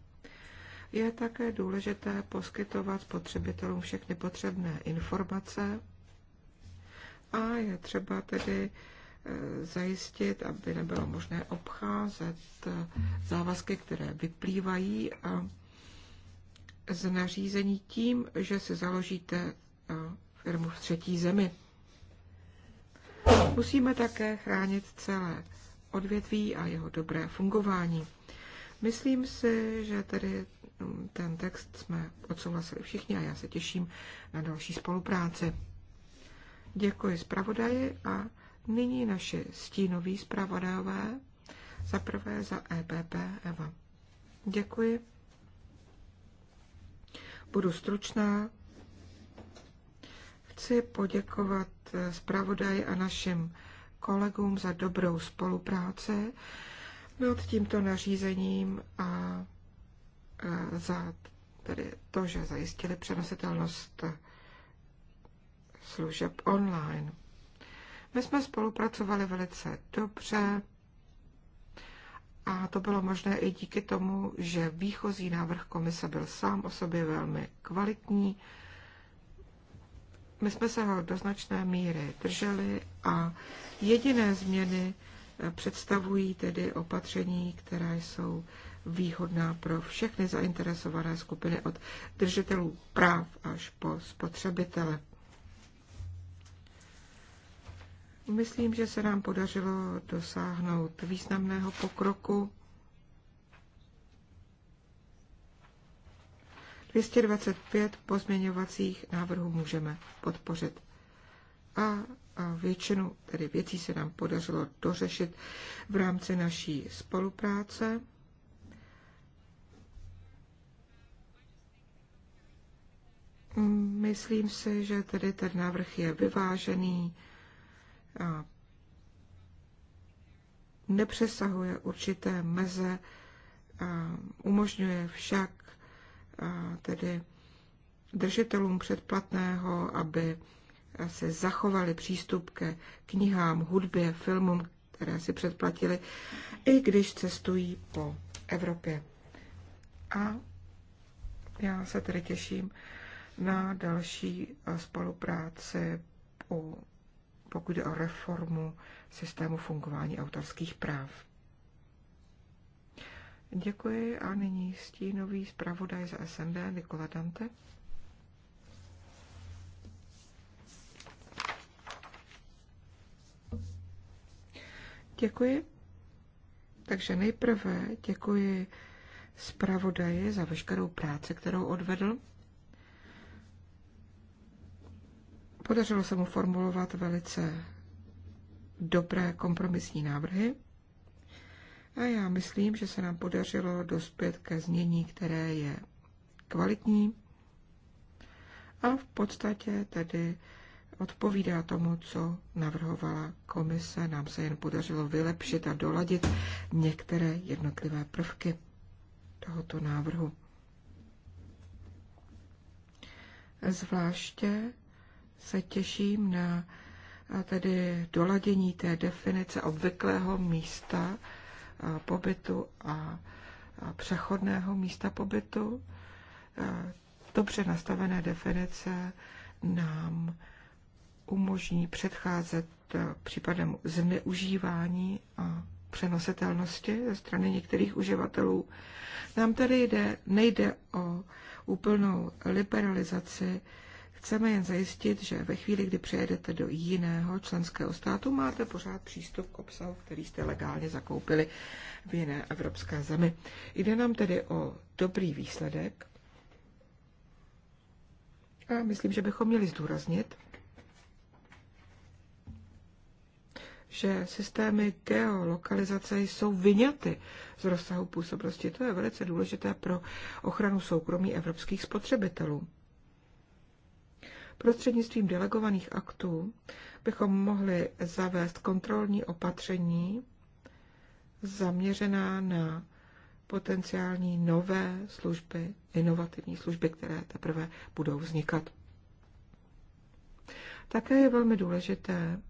Je také důležité poskytovat spotřebitelům všechny potřebné informace a je třeba tedy eh, zajistit, aby nebylo možné obcházet eh, závazky, které vyplývají a z nařízení tím, že si založíte eh, firmu v třetí zemi. Musíme také chránit celé odvětví a jeho dobré fungování. Myslím si, že tedy hm, ten text jsme odsouhlasili všichni a já se těším na další spolupráci. Děkuji zpravodaji a nyní naše stínoví zpravodajové. Za prvé za EPP Eva. Děkuji. Budu stručná. Chci poděkovat zpravodaji a našim kolegům za dobrou spolupráci nad tímto nařízením a, a e, za tedy to, že zajistili přenositelnost služeb online. My jsme spolupracovali velice dobře. A to bylo možné i díky tomu, že výchozí návrh komise byl sám o sobě velmi kvalitní. My jsme se ho do značné míry drželi a jediné změny eh, představují tedy opatření, která jsou výhodná pro všechny zainteresované skupiny od držitelů práv až po spotřebitele. Myslím, že se nám podařilo dosáhnout významného pokroku. 225 pozměňovacích návrhů můžeme podpořit. A, většinu tedy věcí se nám podařilo dořešit v rámci naší spolupráce. Myslím si, že tedy ten návrh je vyvážený, nepřesahuje určité meze, umožňuje však tedy držitelům předplatného, aby se zachovali přístup ke knihám, hudbě, filmům, které si předplatili, i když cestují po Evropě. A já se tedy těším na další spolupráci u pokud je o reformu systému fungování autorských práv. Děkuji a nyní stínový zpravodaj za SND Nikola Dante. Děkuji. Takže nejprve děkuji zpravodaji za veškerou práci, kterou odvedl. Podařilo se mu formulovat velice dobré kompromisní návrhy a já myslím, že se nám podařilo dospět ke změní, které je kvalitní a v podstatě tedy odpovídá tomu, co navrhovala komise. Nám se jen podařilo vylepšit a doladit některé jednotlivé prvky tohoto návrhu. Zvláště se těším na tedy doladění té definice obvyklého místa pobytu a přechodného místa pobytu. Dobře nastavené definice nám umožní předcházet případem zneužívání a přenositelnosti ze strany některých uživatelů. Nám tady jde, nejde o úplnou liberalizaci Chceme jen zajistit, že ve chvíli, kdy přejedete do jiného členského státu, máte pořád přístup k obsahu, který jste legálně zakoupili v jiné evropské zemi. Jde nám tedy o dobrý výsledek a myslím, že bychom měli zdůraznit, že systémy geolokalizace jsou vyňaty z rozsahu působnosti. To je velice důležité pro ochranu soukromí evropských spotřebitelů. Prostřednictvím delegovaných aktů bychom mohli zavést kontrolní opatření zaměřená na potenciální nové služby, inovativní služby, které teprve budou vznikat. Také je velmi důležité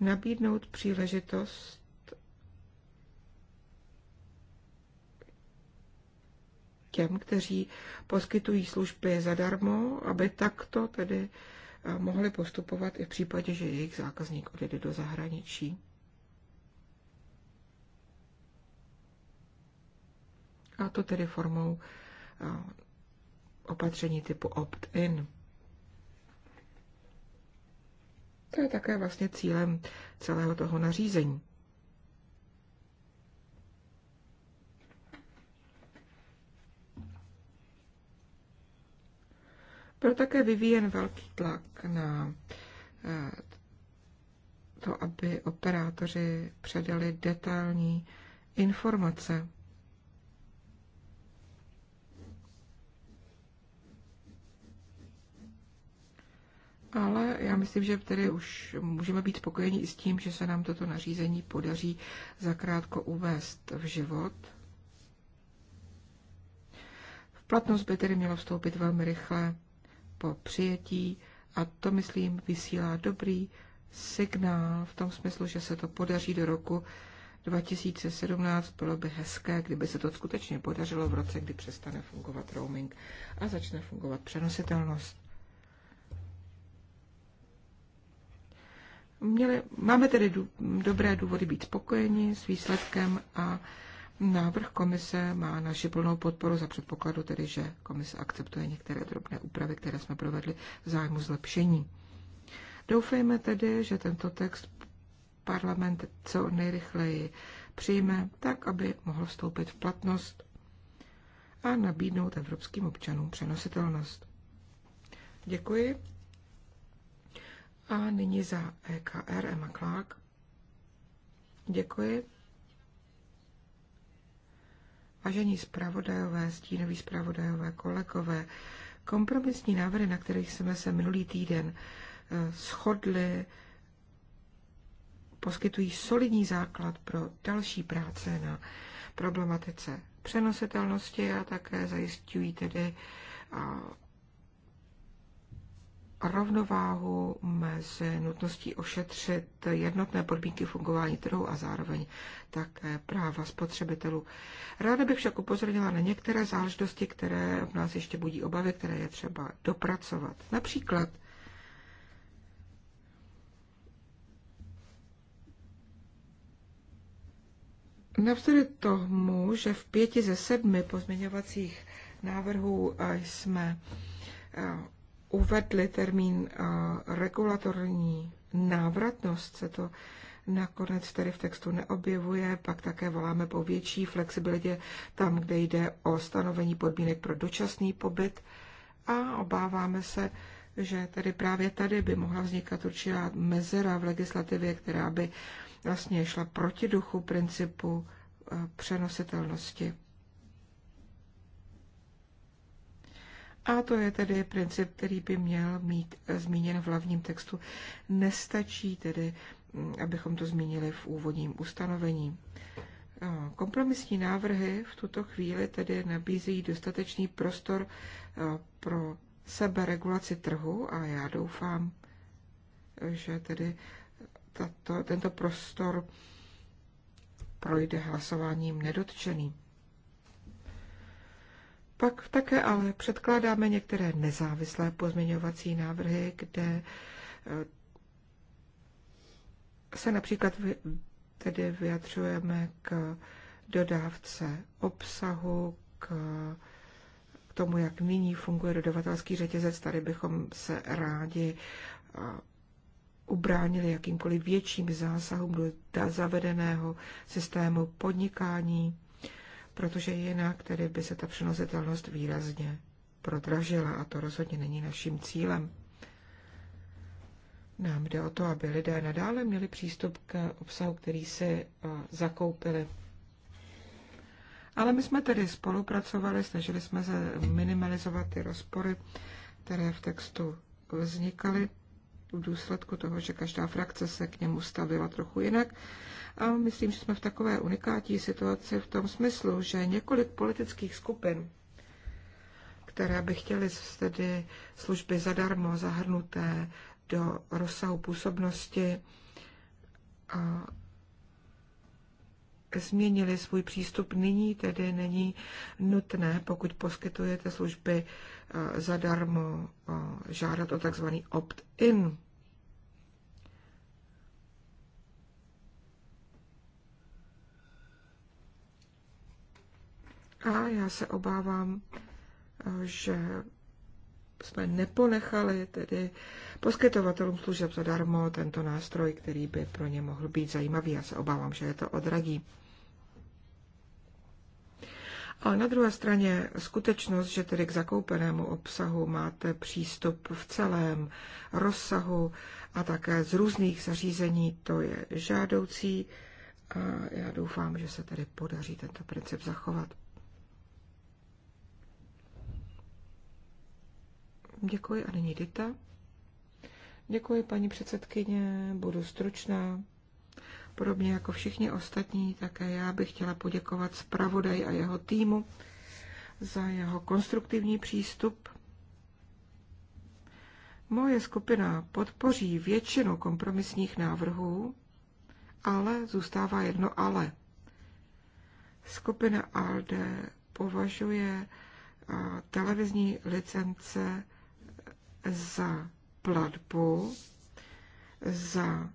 nabídnout příležitost těm, kteří poskytují služby zadarmo, aby takto tedy eh, mohli postupovat i v případě, že jejich zákazník odjede do zahraničí. A to tedy formou eh, opatření typu opt-in. To je také vlastně cílem celého toho nařízení. Byl také vyvíjen velký tlak na eh, to, aby operátoři předali detailní informace. Ale já myslím, že tedy už můžeme být spokojeni i s tím, že se nám toto nařízení podaří zakrátko uvést v život. V platnost by tedy mělo vstoupit velmi rychle po přijetí a to, myslím, vysílá dobrý signál v tom smyslu, že se to podaří do roku 2017. Bylo by hezké, kdyby se to skutečně podařilo v roce, kdy přestane fungovat roaming a začne fungovat přenositelnost. Měli, máme tedy dů, dobré důvody být spokojeni s výsledkem a Návrh komise má naši plnou podporu za předpokladu tedy, že komise akceptuje některé drobné úpravy, které jsme provedli v zájmu zlepšení. Doufejme tedy, že tento text parlament co nejrychleji přijme, tak aby mohl vstoupit v platnost a nabídnout evropským občanům přenositelnost. Děkuji. A nyní za EKR Emma Clark. Děkuji. Vážení zpravodajové, stínoví zpravodajové, kolegové, kompromisní návrhy, na kterých jsme se minulý týden eh, shodli, poskytují solidní základ pro další práce na problematice přenositelnosti a také zajistují tedy rovnováhu mezi nutností ošetřit jednotné podmínky fungování trhu a zároveň také práva spotřebitelů. Ráda bych však upozornila na některé záležitosti, které v nás ještě budí obavy, které je třeba dopracovat. Například Navzdory tomu, že v pěti ze sedmi pozměňovacích návrhů eh, jsme eh, uvedli termín eh, regulatorní návratnost, se to nakonec tady v textu neobjevuje, pak také voláme po větší flexibilitě tam, kde jde o stanovení podmínek pro dočasný pobyt a obáváme se, že tedy právě tady by mohla vznikat určitá mezera v legislativě, která by vlastně šla proti duchu principu eh, přenositelnosti. A to je tedy princip, který by měl mít zmíněn v hlavním textu. Nestačí tedy, mm, abychom to zmínili v úvodním ustanovení. Kompromisní návrhy v tuto chvíli tedy nabízejí dostatečný prostor pro seberegulaci trhu a já doufám, že tedy tato, tento prostor projde hlasováním nedotčeným. Pak také ale předkládáme některé nezávislé pozměňovací návrhy, kde eh, se například tedy vyjadřujeme k dodávce obsahu, k, k tomu, jak nyní funguje dodavatelský řetězec. Tady bychom se rádi eh, ubránili jakýmkoliv větším zásahům do zavedeného systému podnikání protože jinak tedy by se ta přenositelnost výrazně prodražila a to rozhodně není naším cílem. Nám jde o to, aby lidé nadále měli přístup k obsahu, který si eh, zakoupili. Ale my jsme tedy spolupracovali, snažili jsme se minimalizovat ty rozpory, které v textu vznikaly v důsledku toho, že každá frakce se k němu stavila trochu jinak. A myslím, že jsme v takové unikátní situaci v tom smyslu, že několik politických skupin, které by chtěly tedy služby zadarmo zahrnuté do rozsahu působnosti, a změnili svůj přístup nyní, tedy není nutné, pokud poskytujete služby zadarmo žádat o takzvaný opt-in. A já se obávám, že jsme neponechali tedy poskytovatelům služeb zadarmo tento nástroj, který by pro ně mohl být zajímavý. Já se obávám, že je to odradí. A na druhé straně skutečnost, že tedy k zakoupenému obsahu máte přístup v celém rozsahu a také z různých zařízení, to je žádoucí a já doufám, že se tedy podaří tento princip zachovat. Děkuji a nyní Dita. Děkuji, paní předsedkyně, budu stručná. Podobně jako všichni ostatní, také já bych chtěla poděkovat zpravodaj a jeho týmu za jeho konstruktivní přístup. Moje skupina podpoří většinu kompromisních návrhů, ale zůstává jedno ale. Skupina ALDE považuje televizní licence za platbu, za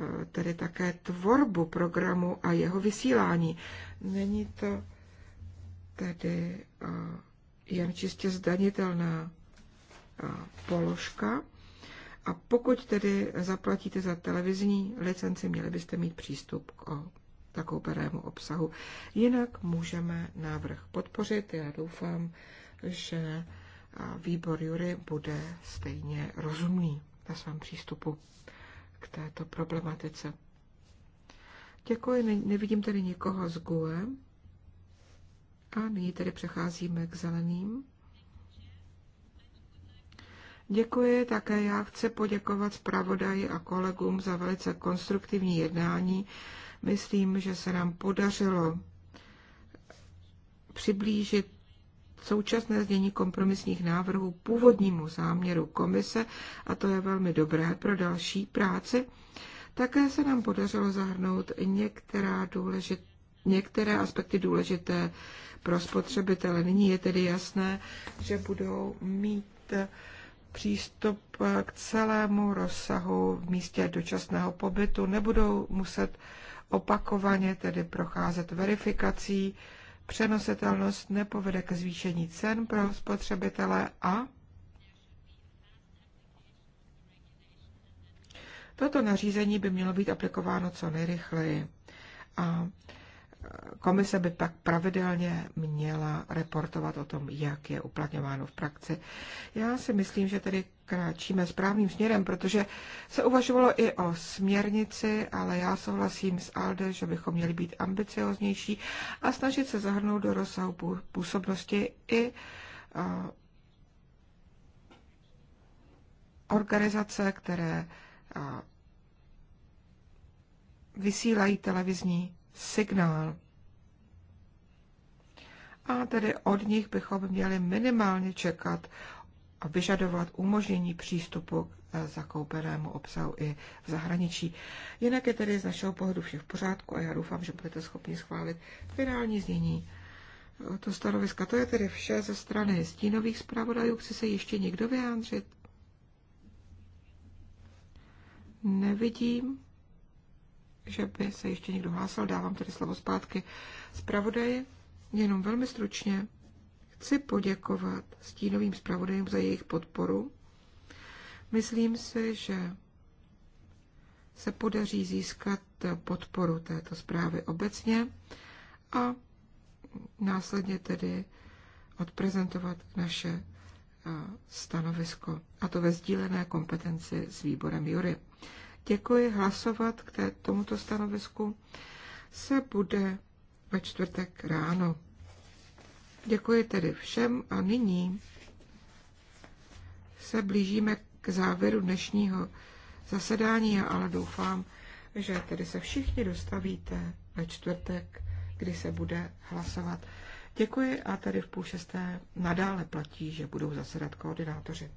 E, tedy také tvorbu programu a jeho vysílání. Není to tedy e, jen čistě zdanitelná e, položka. A pokud tedy zaplatíte za televizní licenci, měli byste mít přístup k takovému obsahu. Jinak můžeme návrh podpořit. Já doufám, že výbor Jury bude stejně rozumný na svém přístupu k této problematice. Děkuji, ne, nevidím tady nikoho z GUE. A nyní tedy přecházíme k zeleným. Děkuji, také já chci poděkovat zpravodaji a kolegům za velice konstruktivní jednání. Myslím, že se nám podařilo přiblížit současné znění kompromisních návrhů původnímu záměru komise a to je velmi dobré pro další práci. Také se nám podařilo zahrnout některá důležit, některé aspekty důležité pro spotřebitele. Nyní je tedy jasné, že budou mít přístup k celému rozsahu v místě dočasného pobytu, nebudou muset opakovaně tedy procházet verifikací, Přenositelnost nepovede ke zvýšení cen pro spotřebitele a toto nařízení by mělo být aplikováno co nejrychleji. A komise by pak pravidelně měla reportovat o tom, jak je uplatňováno v praxi. Já si myslím, že tedy kráčíme správným směrem, protože se uvažovalo i o směrnici, ale já souhlasím s ALDE, že bychom měli být ambicioznější a snažit se zahrnout do rozsahu působnosti i organizace, které vysílají televizní signál. A tedy od nich bychom měli minimálně čekat a vyžadovat umožnění přístupu k eh, zakoupenému obsahu i v zahraničí. Jinak je tedy z našeho pohledu vše v pořádku a já doufám, že budete schopni schválit finální znění to stanoviska. To je tedy vše ze strany stínových zpravodajů. Chce se ještě někdo vyjádřit? Nevidím že by se ještě někdo hlásil. Dávám tedy slovo zpátky zpravodaji. Jenom velmi stručně chci poděkovat stínovým zpravodajům za jejich podporu. Myslím si, že se podaří získat podporu této zprávy obecně a následně tedy odprezentovat naše eh, stanovisko, a to ve sdílené kompetenci s výborem Jury. Děkuji. Hlasovat k té, tomuto stanovisku se bude ve čtvrtek ráno. Děkuji tedy všem a nyní se blížíme k závěru dnešního zasedání, ale doufám, že tedy se všichni dostavíte ve čtvrtek, kdy se bude hlasovat. Děkuji a tady v půl šesté nadále platí, že budou zasedat koordinátoři.